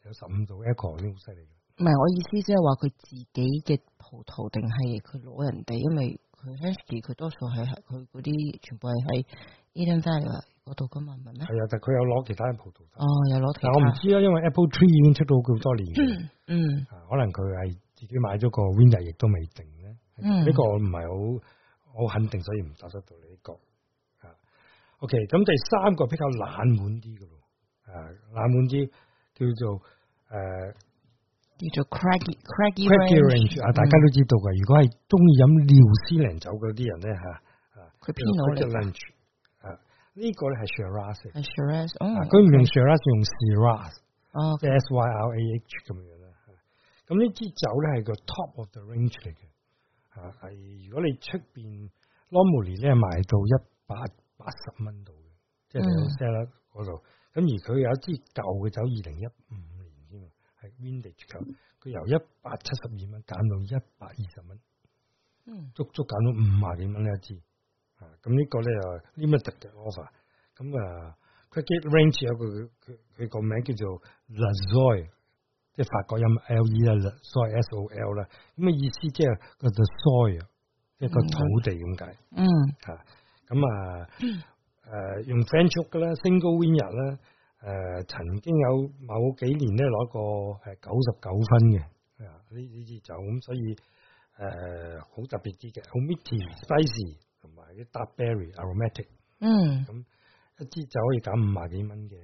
有十五度 Echo 已經好犀利。唔係，我意思即係話佢自己嘅葡萄定係佢攞人哋？因為佢 Henschke 佢多數係佢嗰啲全部係喺 Eden Valley 嗰度噶嘛，唔係咩？係啊，但佢有攞其他嘅葡萄。哦，有攞。但係我唔知啊，因為 Apple Tree 已經出到好多年。嗯，嗯，可能佢係自己買咗個 winner 亦都未定咧。呢、嗯這個我唔係好好肯定，所以唔答得到你呢、這個。OK，咁第三個比較冷門啲嘅喎，冷門啲叫做誒、呃、叫做 Craggy Craggy Craggy Range 啊，大家都知道嘅。嗯、如果係中意飲 Riesling 酒嗰啲人咧嚇，佢偏 c 啲。啊，呢、呢個咧係 Shiraz 嚟，係 Shiraz 佢唔用 Shiraz，用 Syrah，okay. 即係、okay. S Y R A H 咁樣啦。咁呢支酒咧係個 Top of the Range 嚟嘅，係、啊哎、如果你出邊 Normally 咧賣到一百八十蚊度嘅，即係你 sell 啦嗰度。咁、mm -hmm. 而佢有一支舊嘅酒，二零一五年添啊，係 Vintage 酒。佢、mm -hmm. 由一百七十二蚊減到一百二十蚊，嗯、mm -hmm.，足足減到五啊幾蚊呢一支。Mm -hmm. 啊，咁呢個咧啊，呢咩特別嘅 offer？咁啊佢 Cognac Range 有個佢佢個名叫做 La z o y 即係法國音 L E 啦，La Joy S O L 啦。咁嘅意思即係個就 Soil，、mm -hmm. 即係個土地咁解。嗯、mm -hmm. 啊，吓。咁、嗯、啊，誒、嗯，用 French Oak 嘅啦 Single Winer n、呃、啦，誒，曾經有某幾年咧攞過係九十九分嘅，啊，呢呢支酒咁，所以誒，好、呃、特別啲嘅，好 Minty、Spicy，同埋啲 Dark Berry、Aromatic，嗯，咁一支酒可以減五萬幾蚊嘅，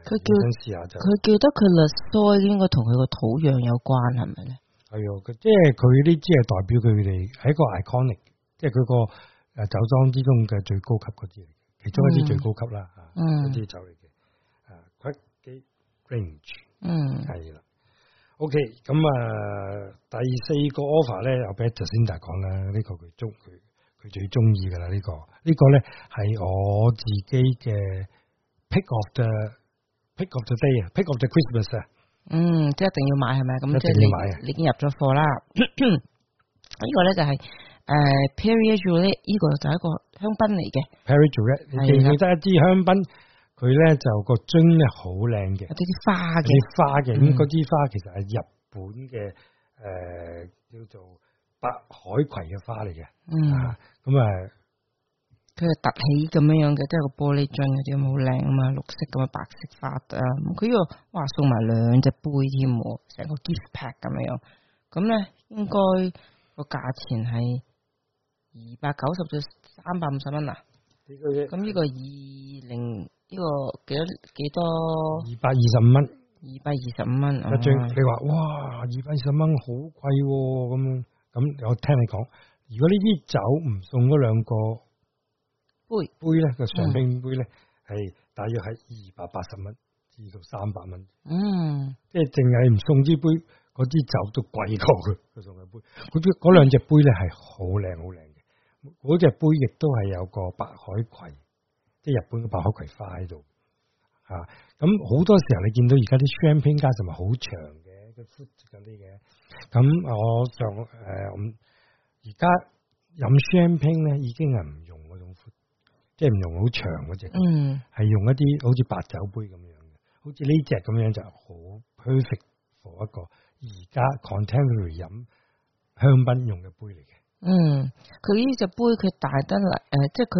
佢叫佢叫、嗯、得佢 Lessoy 應該同佢個土壤有關係咪咧？係哦，即係佢呢支係代表佢哋係一個 Iconic，即係佢個。誒，酒莊之中嘅最高級嗰啲嚟嘅，其中一啲最高級啦，吓，嗰啲酒嚟嘅，啊 q u a t e range，嗯，係啦，OK，咁、嗯、啊，第四個 offer 咧，我俾 e u s i n 達講啦，呢、這個佢中佢，佢最中意噶啦，呢、這個，這個、呢個咧係我自己嘅 pick of the pick of the day 啊，pick of the Christmas 啊，嗯，即係一定要買係咪啊？咁即係你買，你已經入咗貨啦。咳咳啊這個、呢個咧就係、是。誒，Perrier-Jouët 咧，呢個就一個香檳嚟嘅。Perrier-Jouët，你記唔記得一支香檳？佢咧就是、個樽咧好靚嘅，有啲花嘅，有花嘅。咁嗰啲花其實係日本嘅，誒、呃，叫做白海葵嘅花嚟嘅。嗯，咁啊，佢、嗯、係凸起咁樣樣嘅，即係個玻璃樽嗰啲好靚啊嘛，綠色咁啊白色花啊。佢呢、這個，哇，送埋兩隻杯添，成個 gift pack 咁樣樣。咁咧，應該個價錢係。二百九十到三百五十蚊啊！咁、這、呢個二零呢個幾多幾多？二百二十五蚊。二百二十五蚊。你話哇，二百二十蚊好貴咁、哦。咁我聽你講，如果呢啲酒唔送嗰兩個杯呢杯咧個 champagne 杯咧，係大約係二百八十蚊至到三百蚊。嗯。即係淨係唔送支杯，嗰支酒都貴過佢。佢送嘅杯，嗰嗰兩隻杯咧係好靚好靚。嗰隻杯亦都係有個白海葵，即係日本嘅白海葵花喺度，咁、啊、好多時候你見到而家啲 champagne 加實咪好長嘅，啲嘅，咁我上誒，而家飲 champagne 咧已經係唔用嗰種 foot，即係唔用好長嗰隻，嗯，係用一啲好似白酒杯咁樣嘅，好似呢隻咁樣就好 perfect for 一個而家 contemporary 飲香檳用嘅杯嚟嘅。嗯，佢呢隻杯佢大得嚟，誒、呃，即係佢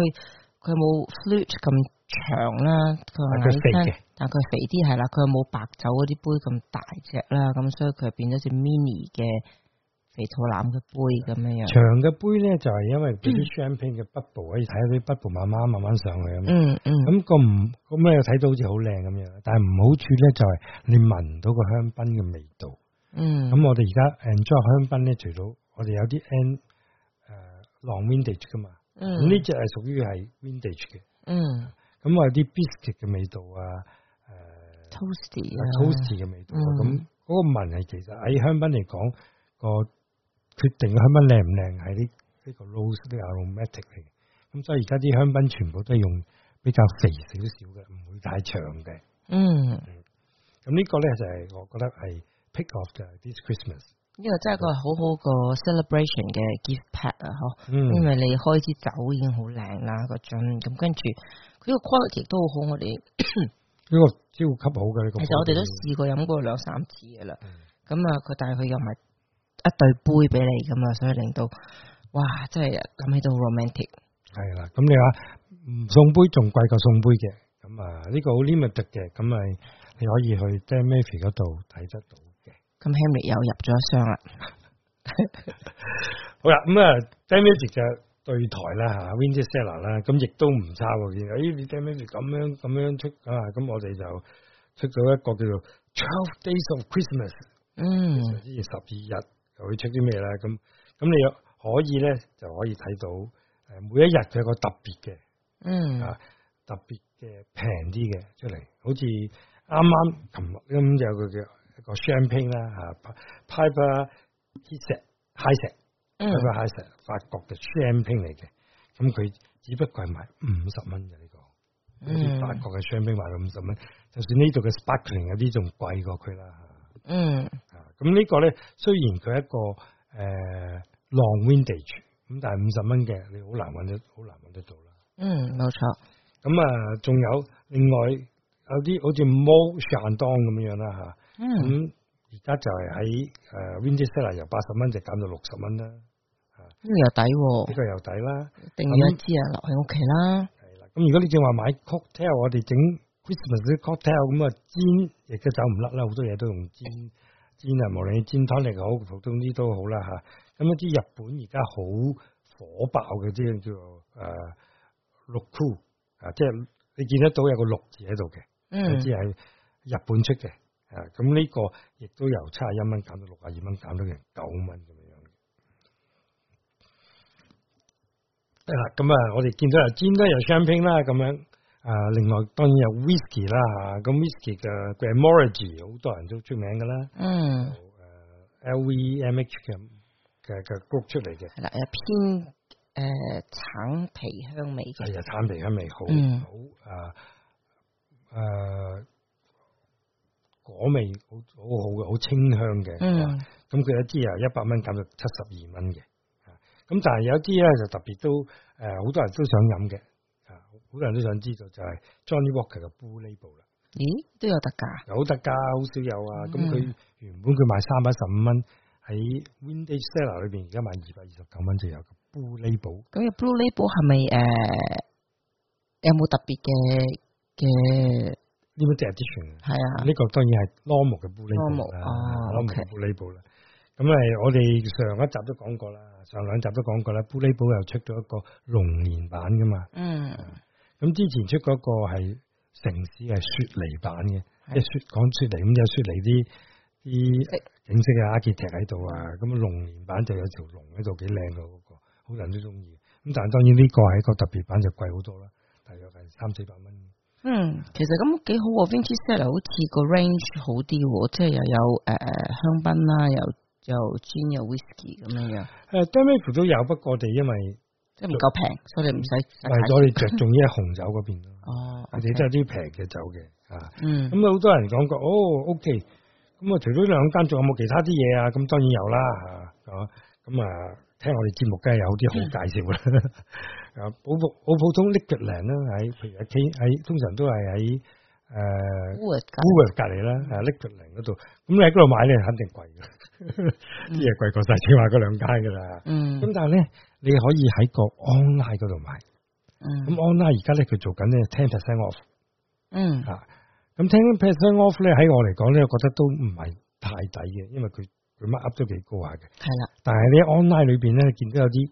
佢冇 flute 咁長啦，佢係，但佢肥啲係啦，佢又冇白酒嗰啲杯咁大隻啦，咁所以佢變咗隻 mini 嘅肥肚腩嘅杯咁樣樣。長嘅杯咧就係因為嗰啲 champagne 嘅 bubble，嗯、可以睇下啲 bubble 慢慢慢慢上去咁，嗯咁，嗯那個唔咁咧睇到好似好靚咁樣，但係唔好處咧就係你聞唔到個香檳嘅味道，嗯，咁我哋而家 enjoy 香檳咧，除咗我哋有啲 Long vintage 噶、嗯、嘛，咁呢隻係屬於係 vintage 嘅，嗯，咁、嗯、有啲 biscuit 嘅味道啊，誒、呃、toasty，toasty、呃、嘅味道，咁、嗯、嗰、嗯、個聞係其實喺香檳嚟講、嗰個決定，香檳靚唔靚係呢呢個 rose 啲 aromatic 嚟嘅，咁所以而家啲香檳全部都用比較肥少少嘅，唔會太長嘅，嗯，咁、嗯、呢個咧就係、是、我覺得係 pick off this Christmas。呢、這個真係一個很好好個 celebration 嘅 gift pack 啊，嗬，因為你開支酒已經好靚啦，個樽，咁跟住佢個 quality 都好好，我哋呢、這個超級好嘅呢個。其實 我哋都試過飲過兩三次噶啦，咁啊佢但係佢又埋一對杯俾你咁啊，所以令到哇真係諗起都好 romantic。係啦，咁你話送杯仲貴過送杯嘅，咁啊呢個好 limited 嘅，咁啊，你可以去即係 Dan Murphy's 嗰度睇得到。咁 Henry 又入咗一箱啦， 好啦，咁啊 Damage 就對台啦吓、啊、Winter Sella 啦、啊，咁亦都唔差喎。原來依啲 Damage 咁樣咁樣出啊，咁、啊、我哋就出咗一個叫做 Twelve Days of Christmas，嗯，即係十二日又會出啲咩咧？咁、啊、咁你可以咧，就可以睇到誒、啊，每一日佢有個特別嘅、啊，嗯啊，特別嘅平啲嘅出嚟，好似啱啱琴日咁有個叫。一個香檳啦，吓，Piper Heidsieck、Heidsieck、Piper Heidsieck，法國嘅香檳嚟嘅，咁佢只不過係賣五十蚊嘅呢個，好、嗯、似法國嘅香檳賣到五十蚊，就算呢度嘅 Sparkling 有啲仲貴過佢啦，嗯，啊，咁呢個咧雖然佢係一個誒、呃、Long Vintage 咁，但係五十蚊嘅，你好難搵到，好難搵得到啦。嗯，冇錯。咁啊，仲有另外有啲好似 Moët & Chandon 咁樣啦，吓、啊。嗯，咁而、啊這個啊啊嗯、家就係喺誒 Windows 啦，由八十蚊就減到六十蚊啦。呢個又抵，呢個又抵啦。定咁一支留喺屋企啦。係啦，咁如果你正話買 cocktail，我哋整 Christmas 啲 cocktail，咁啊煎亦都走唔甩啦。好多嘢都用煎、嗯、煎啊，無論煎湯嚟嘅好，普通啲都好啦吓。咁一啲日本而家好火爆嘅，即叫做誒六酷啊，即係你見得到有個六字喺度嘅，嗯，知係日本出嘅。咁呢個亦都由七十一蚊減到六十二蚊，減到成九蚊咁樣樣。係啦，咁啊，我哋見到又煎啦，又香檳啦，咁樣啊，另外當然有 whisky 啦吓，咁 whisky 嘅 Glenmorangie 好多人都出名噶啦。嗯。誒，LVMH 嘅嘅嘅焗出嚟嘅係啦，又偏誒橙皮香味就係橙皮香味，好好啊誒。果味好好好嘅，好清香嘅。嗯，咁佢一啲啊，一百蚊減到七十二蚊嘅。咁、啊、但係有啲咧就特別都誒，好、呃、多人都想飲嘅。吓、啊，好多人都想知道就係、是、Johnny Walker 嘅 Blue Label 啦。咦，都有特價？有特價，好少有啊。咁、嗯、佢、嗯、原本佢賣三百十五蚊，喺 Vintage Cellars 裏邊而家賣二百二十九蚊就有嘅 Blue Label。咁嘅 Blue Label 係咪誒有冇特別嘅嘅？呢本即係啲 edition 係啊，呢個當然係 normal 嘅 Blue Label 啦，normal 嘅 Blue Label 啦。咁啊，我哋上一集都講過啦，上兩集都講過啦，Blue Label 又出咗一個龍年版噶嘛。嗯。咁之前出嗰個係城市係雪梨版嘅，一雪講雪梨咁有雪梨啲啲景色啊，阿杰踢喺度啊，咁啊龍年版就有條龍喺度幾靚噶嗰個，好多人都中意。咁但係當然呢個係一個特別版就貴好多啦，大約係三四百蚊。嗯，其實咁幾好，Vintage Stella 好似個 range 好啲，即係又有誒誒香檳啦，又又 gin 又 whisky 咁樣。誒，Damigo 都有，不過我哋因為即係唔夠平，所以你唔使。為咗你着重於紅酒嗰邊咯。哦，我、okay、哋都的的、嗯嗯哦 okay，嗯、有啲平嘅酒嘅啊。嗯。咁啊，好多人講過，哦，OK。咁啊，除咗兩間，仲有冇其他啲嘢啊？咁當然有啦吓。咁啊，聽我哋節目梗係有啲好介紹啦。嗯 好普好普通 Liquorland 喺譬如喺喺通常都係喺誒 g l a 隔離啦，喺 Liquorland 嗰度，咁、啊、你喺嗰度買咧，肯定貴嘅，啲嘢貴過晒先買嗰兩間噶啦。嗯，咁、 嗯、但係咧，你可以喺個 online 嗰度買。咁 online 而家咧佢做緊咧，ten percent off。嗯。咁 ten percent off 咧、嗯、喺、啊、我嚟講咧，我覺得都唔係太抵嘅，因為佢佢 mark up 都幾高下嘅。係啦，但係你喺 online 裏邊咧，見到有啲。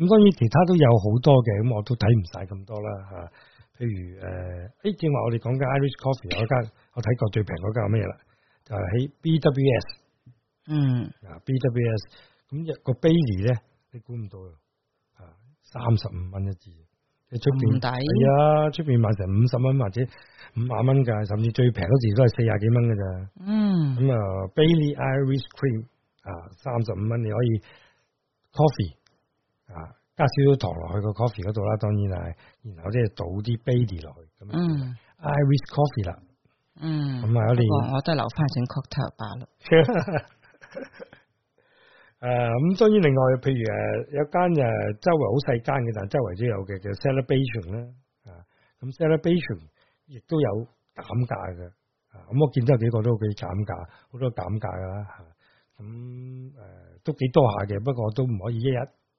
咁當然其他都有好多嘅，咁我都睇唔晒咁多啦吓。譬如誒、誒正話我哋講緊 Irish Coffee 嗰間，我睇過最平嗰間係咩嘢啦？就係喺 BWS，嗯，啊 BWS 咁一個 Bailey 咧，你估唔到啊，三十五蚊一支，你出邊係啊？出邊賣成五十蚊或者五萬蚊㗎，甚至最平嗰時都係四十幾蚊㗎咋。嗯，咁啊 Bailey Irish Cream 啊，三十五蚊你可以 Coffee。啊，加少少糖落去個 coffee 嗰度啦，當然係，然後即係倒啲 baby 落去，咁樣 Irish Coffee 啦，嗯，咁我哋，我都留翻整 cocktail 罷啦。誒，咁 呃、當然另外，譬如誒有間誒周圍好細間嘅，但周圍都有嘅，叫 Celebration 啦、啊，啊，咁 Celebration 亦都有減價嘅，啊，咁我見到有幾個都幾減價，好多減價噶啦，吓、啊，咁、嗯、誒、呃、都幾多下嘅，不過我都唔可以一日。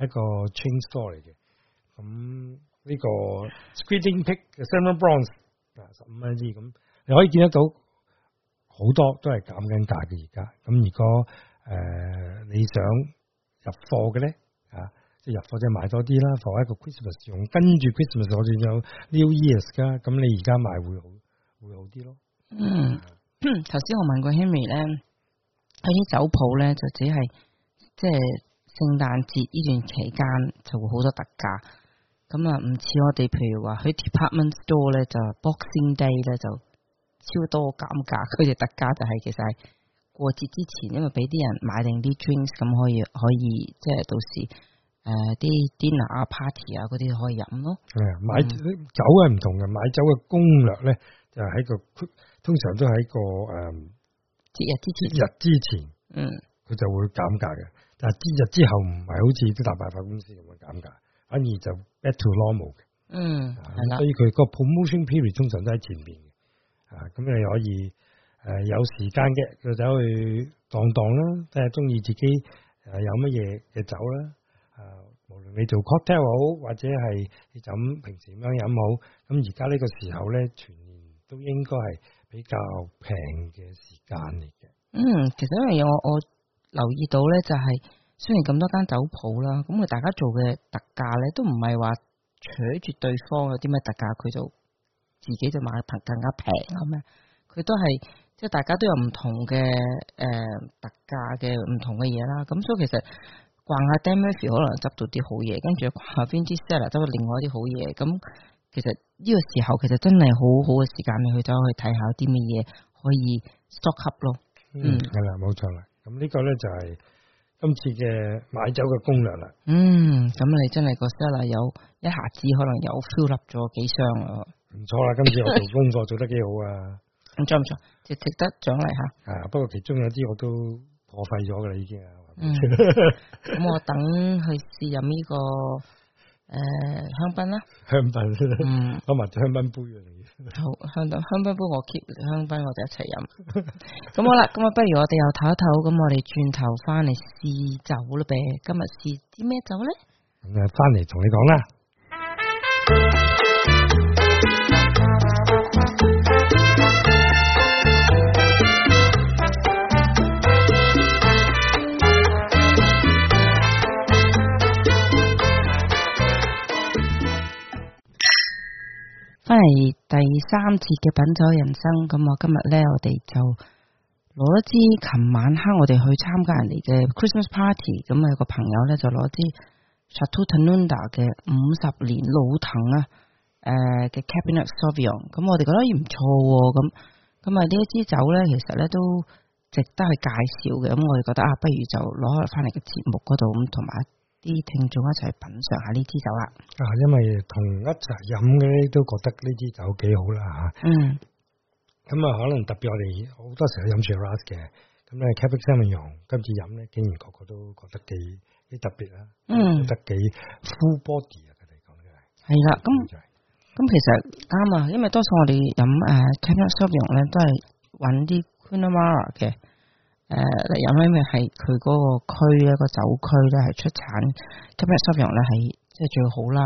一個 chain store 嚟嘅。咁、嗯、呢、這個 Squealing Pig 嘅 Sauvignon Blanc 啊，十五蚊一支咁，你可以見得到好多都係減緊價嘅而家。咁、嗯、如果誒、呃、你想入貨嘅咧，啊，即係入貨，即係買多啲啦，放喺個 Christmas 用，跟住 Christmas 我哋有 New Year 嘅，咁、啊、你而家買會好會好啲咯。嗯，頭、嗯、先我問過 Henry 咧，喺啲酒鋪咧就只係即係。就是.聖誕節呢段期間就會好多特價，咁啊唔似我哋譬如話去 department store 咧就 boxing day 咧就超多減價，佢哋特價就係、是、其實係過節之前，因為俾啲人買定啲 drinks 咁可以可以即係、就是、到時誒啲、呃、dinner 啊 party 啊嗰啲可以飲咯。係啊，買酒係唔同嘅、嗯，買酒嘅攻略咧就喺個通常都喺個誒節、嗯、日之前，節日之前，嗯，佢就會減價嘅。啊，之後之後唔係好似啲大百貨公司咁樣減價，反而就 back to normal 嘅，嗯，係啦，所以佢個 promotion period 通常都喺前面嘅，啊，咁你可以誒、呃、有時間嘅，就走去蕩蕩啦，即係中意自己誒、啊、有乜嘢嘅酒啦，啊，無論你做 cocktail 好、呃，或者係你飲平時咁樣飲好，咁而家呢個時候咧，全年都應該係比較平嘅時間嚟嘅。嗯，其實因為我我。我 留意到咧，就係雖然咁多間酒鋪啦，咁佢大家做嘅特價咧都唔係話扯住對方有啲咩特價，佢就自己就買得更加平咁啊。佢都係即係大家都有唔同嘅誒特價嘅唔同嘅嘢啦。咁所以其實逛下 Dan Murphy's 可能執到啲好嘢，跟住 Vintage Cellars 執到另外一啲好嘢。咁其實呢個時候其實真係好好嘅時間，你去走去睇下啲咩嘢可以 stock up 咯。嗯，係啦，冇錯啦。咁、這、呢個咧就係今次嘅買酒嘅攻略啦。嗯，咁你真係個 seller 有一下子可能有 fill up 咗幾箱啊。唔錯啦，今次我做功課做得幾好啊。唔錯唔錯，值值得獎勵吓。啊，不過其中有啲我都破費咗㗎啦，已經。嗯。咁 我等去試飲呢、這個誒香檳啦。香檳先，攞、嗯、埋香檳杯好，香檳，香檳杯我 keep 香檳，我哋一齊飲，咁好啦。咁啊不如我哋又唞一唞，咁我哋轉頭翻嚟試酒啦，俾今日試啲咩酒咧？咁啊翻嚟同你講啦。翻嚟第三次嘅品酒人生，咁我今日咧我哋就攞一支琴晚黑我哋去參加人哋嘅 Christmas party，咁啊有個朋友咧就攞支 Chateau Tanunda 嘅五十年老藤啊，誒嘅 Cabernet Sauvignon，咁我哋覺得唔錯，咁咁啊呢一支酒咧其實咧都值得去介紹嘅，咁我哋覺得啊不如就攞嚟翻嚟嘅節目嗰度咁同埋。啲聽眾一齊品嚐下呢支酒啦。啊，因為同一齊飲嘅咧，都覺得呢支酒幾好啦吓，嗯。咁啊，可能特別我哋好多時候飲住 Shiraz 嘅，咁咧 Cabernet Sauvignon 今次飲咧，竟然個個都覺得幾幾特別啦。嗯。覺得幾 full body 啊？佢哋講嘅係。係啦，咁咁、就是、其實啱啊，因為多數我哋飲誒 Cabernet Sauvignon 咧都係搵啲 Coonawarra 嘅。誒、呃，嚟咩咧，係佢嗰個區咧，個酒區咧係出產 Cabernet Sauvignon 咧係即係最好啦。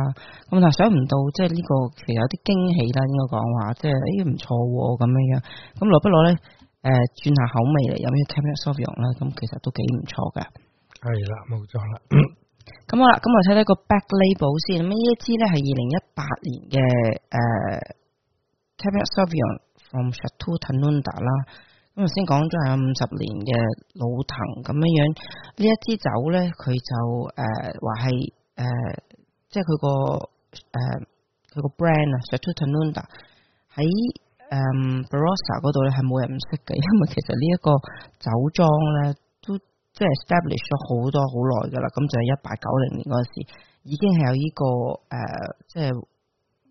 咁但係想唔到，即係呢個其實有啲驚喜啦，應該講話即係誒唔錯咁樣樣。咁攞不攞咧？誒、呃，轉下口味嚟飲啲 Cabernet Sauvignon 啦。咁其實都幾唔錯噶。係啦，冇錯啦。咁 好啦，咁我睇睇個 Back Label 先。咁呢一支咧係二零一八年嘅誒、呃、Cabernet Sauvignon from Chateau Tanunda 啦。頭先講咗係五十年嘅老藤咁樣樣，呢一支酒咧，佢就誒話係誒，即係佢個誒佢個 brand 啊 Chateau Tanunda 喺誒 Barossa 嗰度咧係冇人唔識嘅，因為其實呢一個酒莊咧都即係 establish 咗好多好耐噶啦，咁就係一八九零年嗰時候已經係有呢個誒，即係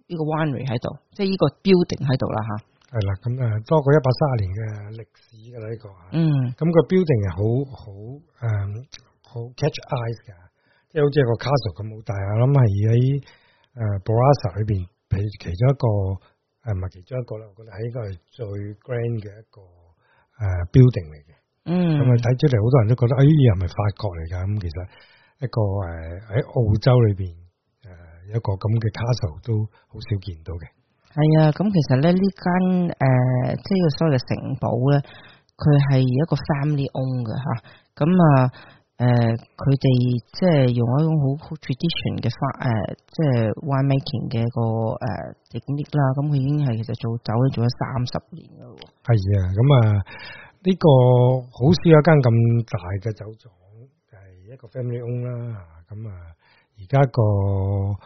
呢個 winery 喺度，即係呢個 building 喺度啦嚇。係啦，咁多過一百三十年嘅歷史噶啦呢個，嗯，咁個 building 係好好誒好 catch eyes 噶，即係好似個 castle 咁好大。我諗係喺誒 Barossa 裏邊，其其中一個誒唔係其中一個啦，我覺得喺個最 grand 嘅一個誒 building 嚟嘅。嗯，咁啊睇出嚟好多人都覺得，哎，又係法國嚟噶。咁其實一個誒喺澳洲裏邊誒一個咁嘅 castle 都好少見到嘅。係啊，咁其實咧呢間誒，即係個所謂城堡咧，佢係一個 family own 嘅吓，咁啊誒，佢哋即係用一種好 tradition 嘅法誒，即、啊、係、就是、wine making 嘅個誒直力啦，咁、啊、佢已經係其實做酒咧做咗三十年咯。係啊，咁啊呢個好少有一間咁大嘅酒廠係、就是、一個 family own 啦，咁啊而家個。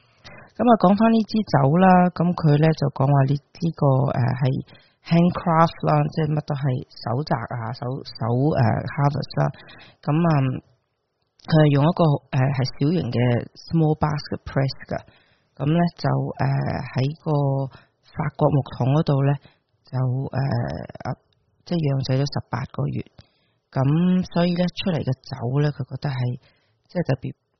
咁啊，講翻呢支酒啦，咁佢咧就講話呢，呢個誒係 handcraft 啦，即係乜都係手摘啊，手手誒 harvest 啦。咁、嗯、啊，佢係用一個誒係小型嘅 small basket press 噶。咁、嗯、咧就誒喺個法國木桶嗰度咧，就誒即係養仔咗十八個月。咁所以咧，出嚟嘅酒咧，佢覺得係即係特別。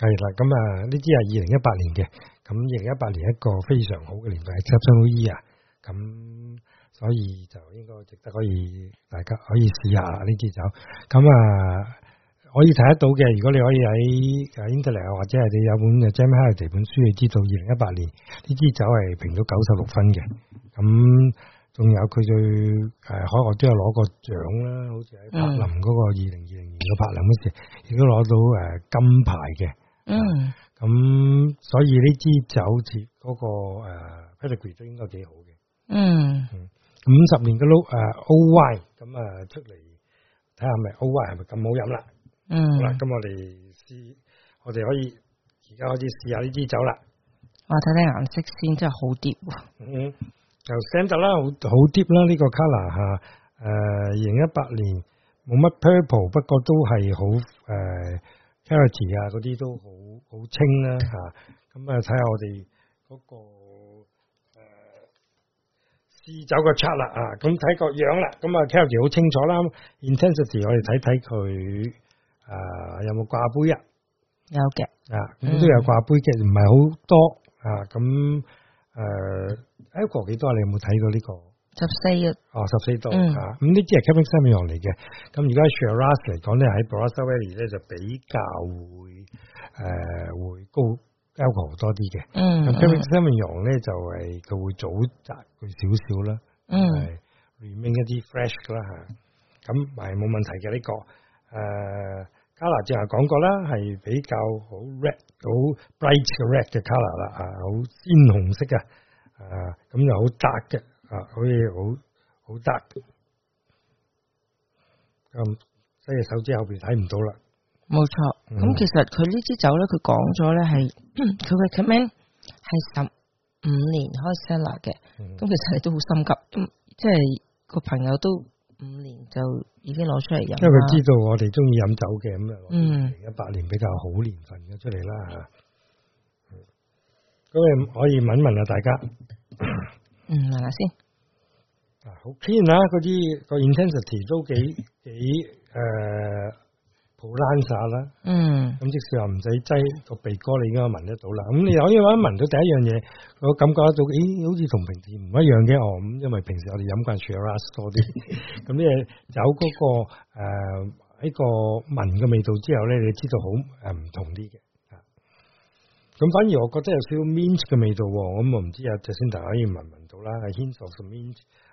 係啦，咁啊呢支係二零一八年嘅，咁二零一八年一個非常好嘅年代係 Chapel E 啊，咁所以就應該值得可以大家可以試下呢支酒。咁啊可以睇得到嘅，如果你可以喺喺 Internet 啊，或者係你有本誒 James Halliday 本書，你知道二零一八年呢支酒係評咗九十六分嘅。咁仲有佢最誒海外都有攞過獎啦，好似喺柏林嗰個二零二零年嘅柏林嗰時，亦、mm -hmm. 都攞到誒、呃、金牌嘅。嗯，咁所以呢支酒似嗰個誒，category 都應該幾好嘅。嗯，五十、那個呃嗯嗯、年嘅 look 誒，OY 咁啊，出嚟睇下咪 OY 係咪咁好飲啦？嗯，好啦，咁我哋試，我哋可以而家開始試下呢支酒啦。我睇睇顏色先，真係好 deep。嗯，又深就得啦，好好 deep 啦，呢個 color 吓、啊、誒，二零一八年冇乜 purple，不過都係好誒。呃 Clarity、那個呃呃嗯、啊，啲都好好清啦吓，咁啊睇下我哋嗰個誒試酒嘅 chart 啦啊，咁睇個樣啦，咁啊 Clarity 好清楚啦，Intensity 我哋睇睇佢啊有冇掛杯啊？有嘅啊，咁都有掛杯嘅，唔係好多啊，咁誒 alcohol 幾多啊？你有冇睇過呢、這個。十四日哦，十四度、嗯、啊！咁、嗯嗯、呢啲係 Cabernet Sauvignon 嚟嘅。咁而家 Shiraz 嚟講咧，喺 Barossa Valley 咧就比較誒會、呃、會高，alcohol 多啲嘅。咁 Cabernet Sauvignon 咧就係、是、佢會早摘佢少少啦。嗯，remain 一啲 fresh 啦吓，咁係冇問題嘅呢個。誒，colour 之前講過啦，係比較好 red，好 bright red 嘅 colour 啦，啊，好鮮紅色嘅，啊，咁、啊啊、就好窄嘅。啊，可以好好得咁，所以、嗯、手指後邊睇唔到啦。冇錯，咁、嗯、其實佢呢支酒咧，佢講咗咧係，佢嘅 coming 係十五年開 seller 嘅，咁、嗯、其實你都好心急，嗯、即係個朋友都五年就已經攞出嚟飲，因為佢知道我哋中意飲酒嘅咁樣，嗯，一八年比較好年份嘅出嚟啦吓。咁、嗯、你、嗯、可以問，問一問下大家，嗯，嚟啦先。啊，好 c l e 嗰啲個 intensity 都幾幾誒普蘭曬啦。嗯，咁即使話唔使擠個鼻哥，你應該聞得到啦。咁你可以話聞到第一樣嘢，我感覺到，咦、欸，好似同平時唔一樣嘅哦。咁因為平時我哋飲慣 c h i r a s 多啲，咁 你有嗰、那個誒呢、呃、個聞嘅味道之後咧，你知道好誒唔同啲嘅。咁反而我覺得有少少 mint 嘅味道，咁我唔知阿 t 先大家可以聞唔聞到啦。係 h i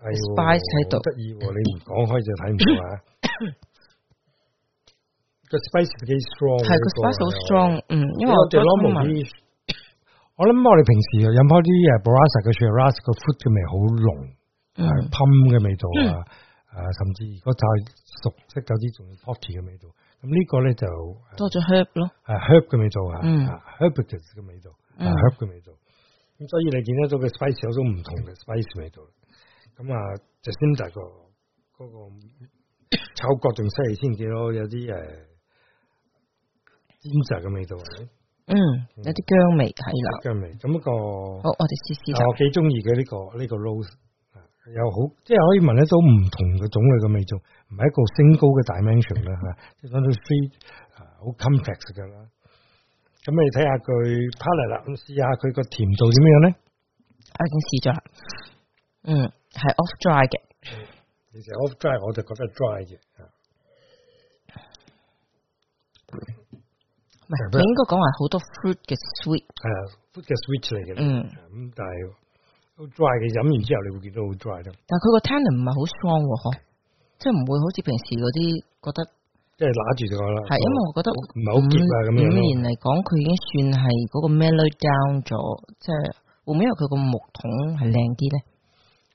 係、哎、喎，好得意你唔講開就睇唔到啊。嗯 spice strong，個 spice 幾 strong，係個 spice 好 strong，嗯，因為我哋我諗我哋平時飲開啲誒 Barossa 嘅 Shiraz 個 fruit 嘅味好濃，係嘅味道啊，啊、嗯，甚至如果再熟悉，有啲仲有 porky 嘅味道。咁呢個咧就、啊、多咗 herb 咯，係、啊、herb 嘅味道啊 herbaceous 嘅味道，herb 嘅味道。咁、嗯啊嗯啊嗯啊、所以你見得到個 spice 有種唔同嘅 spice 味道。咁啊，就先雜個嗰個炒角仲犀利先啲咯，有啲誒醃嘅味道。嗯，有啲薑味係啦，薑味。咁、嗯嗯那個好，我哋試試。我幾中意嘅呢個呢、這個 rose，又好即係可以聞到唔同嘅種類嘅味道，唔係一個 single 嘅 dimension 啦，吓，即係講好 complex 嘅啦。咁你睇下佢，嚟啦，咁試下佢個甜度點樣咧？我已經試咗，嗯。係 off dry 嘅，其實 off dry 我就覺得是 dry 嘅，唔係，你應該講話好多 fruit 嘅 sweet，係啊，fruit 嘅 sweet 嚟嘅。嗯，咁但係 off dry 嘅，飲完之後你會見到好 dry 但係佢個 tannin 唔係好 strong 喎，即係唔會好似平時嗰啲覺得，即係拿住就講啦。係因為我覺得唔係好澀啊，咁、那、樣、個。五年嚟講，佢、那個那個那個、已經算係嗰個 mellow down 咗，即、那、係、個、會唔會因為佢個木桶係靚啲咧？嗯嗯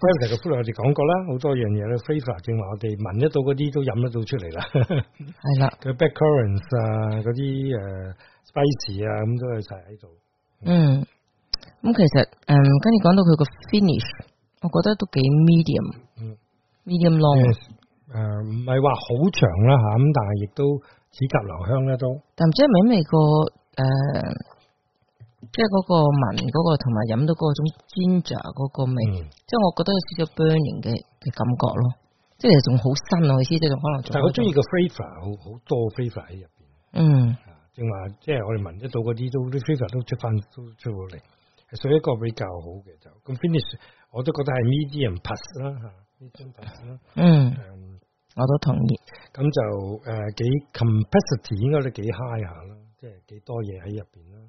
剛才嘅 flavour 我哋講過啦，好多樣嘢咧，flavour 正話我哋聞得到嗰啲都飲得到出嚟啦。係啦、嗯，佢 blackcurrant 啊，嗰啲誒，spices 啊，咁都係一齊喺度。嗯，咁其實誒，跟住講到佢個 finish，我覺得都幾 medium。嗯，medium long 是是。誒，唔係話好長啦吓，咁但係亦都指甲留香啦都。但唔知係咪因為個誒。即係嗰個聞嗰、嗰個同埋飲到嗰種 ginger 嗰個味、嗯，即係我覺得有少少 burning 嘅嘅感覺咯，即係仲好新啊，意思即係可能可。但係我中意個 flavour 好好多 flavour 喺入邊，嗯，正話即係我哋聞得到嗰啲都啲 flavour 都出翻出到嚟，係屬於一個比較好嘅就。咁 finish 我都覺得係 medium pass 啦吓，medium pass 啦。嗯，我都同意。咁就誒、呃、幾 complexity 應該都幾 high 下、啊、啦，即係幾多嘢喺入邊啦。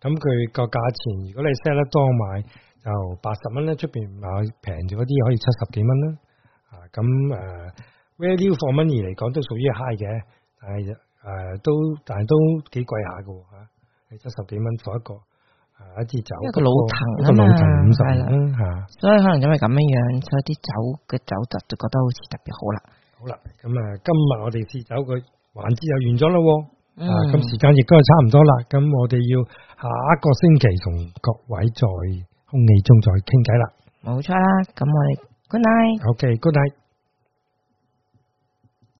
咁佢個價錢，如果你 sell 得多買，就八十蚊咧。出邊買平咗啲，可以七十幾蚊啦。啊，咁誒，value for money 嚟講都屬於 high 嘅、啊，但係誒都，但係都幾貴下嘅吓，係七十幾蚊貨一個，啊一支酒，一個老藤一個老藤五十蚊吓。所以可能因為咁樣樣，所以啲酒嘅酒質就覺得好似特別好啦。好、啊、啦，咁啊，今日我哋試酒佢，環節又完咗咯。嗯、啊，咁時間亦都係差唔多啦，咁我哋要下一個星期同各位在空氣中再傾偈啦。冇錯啦，咁我哋 Good night。Okay，Good night。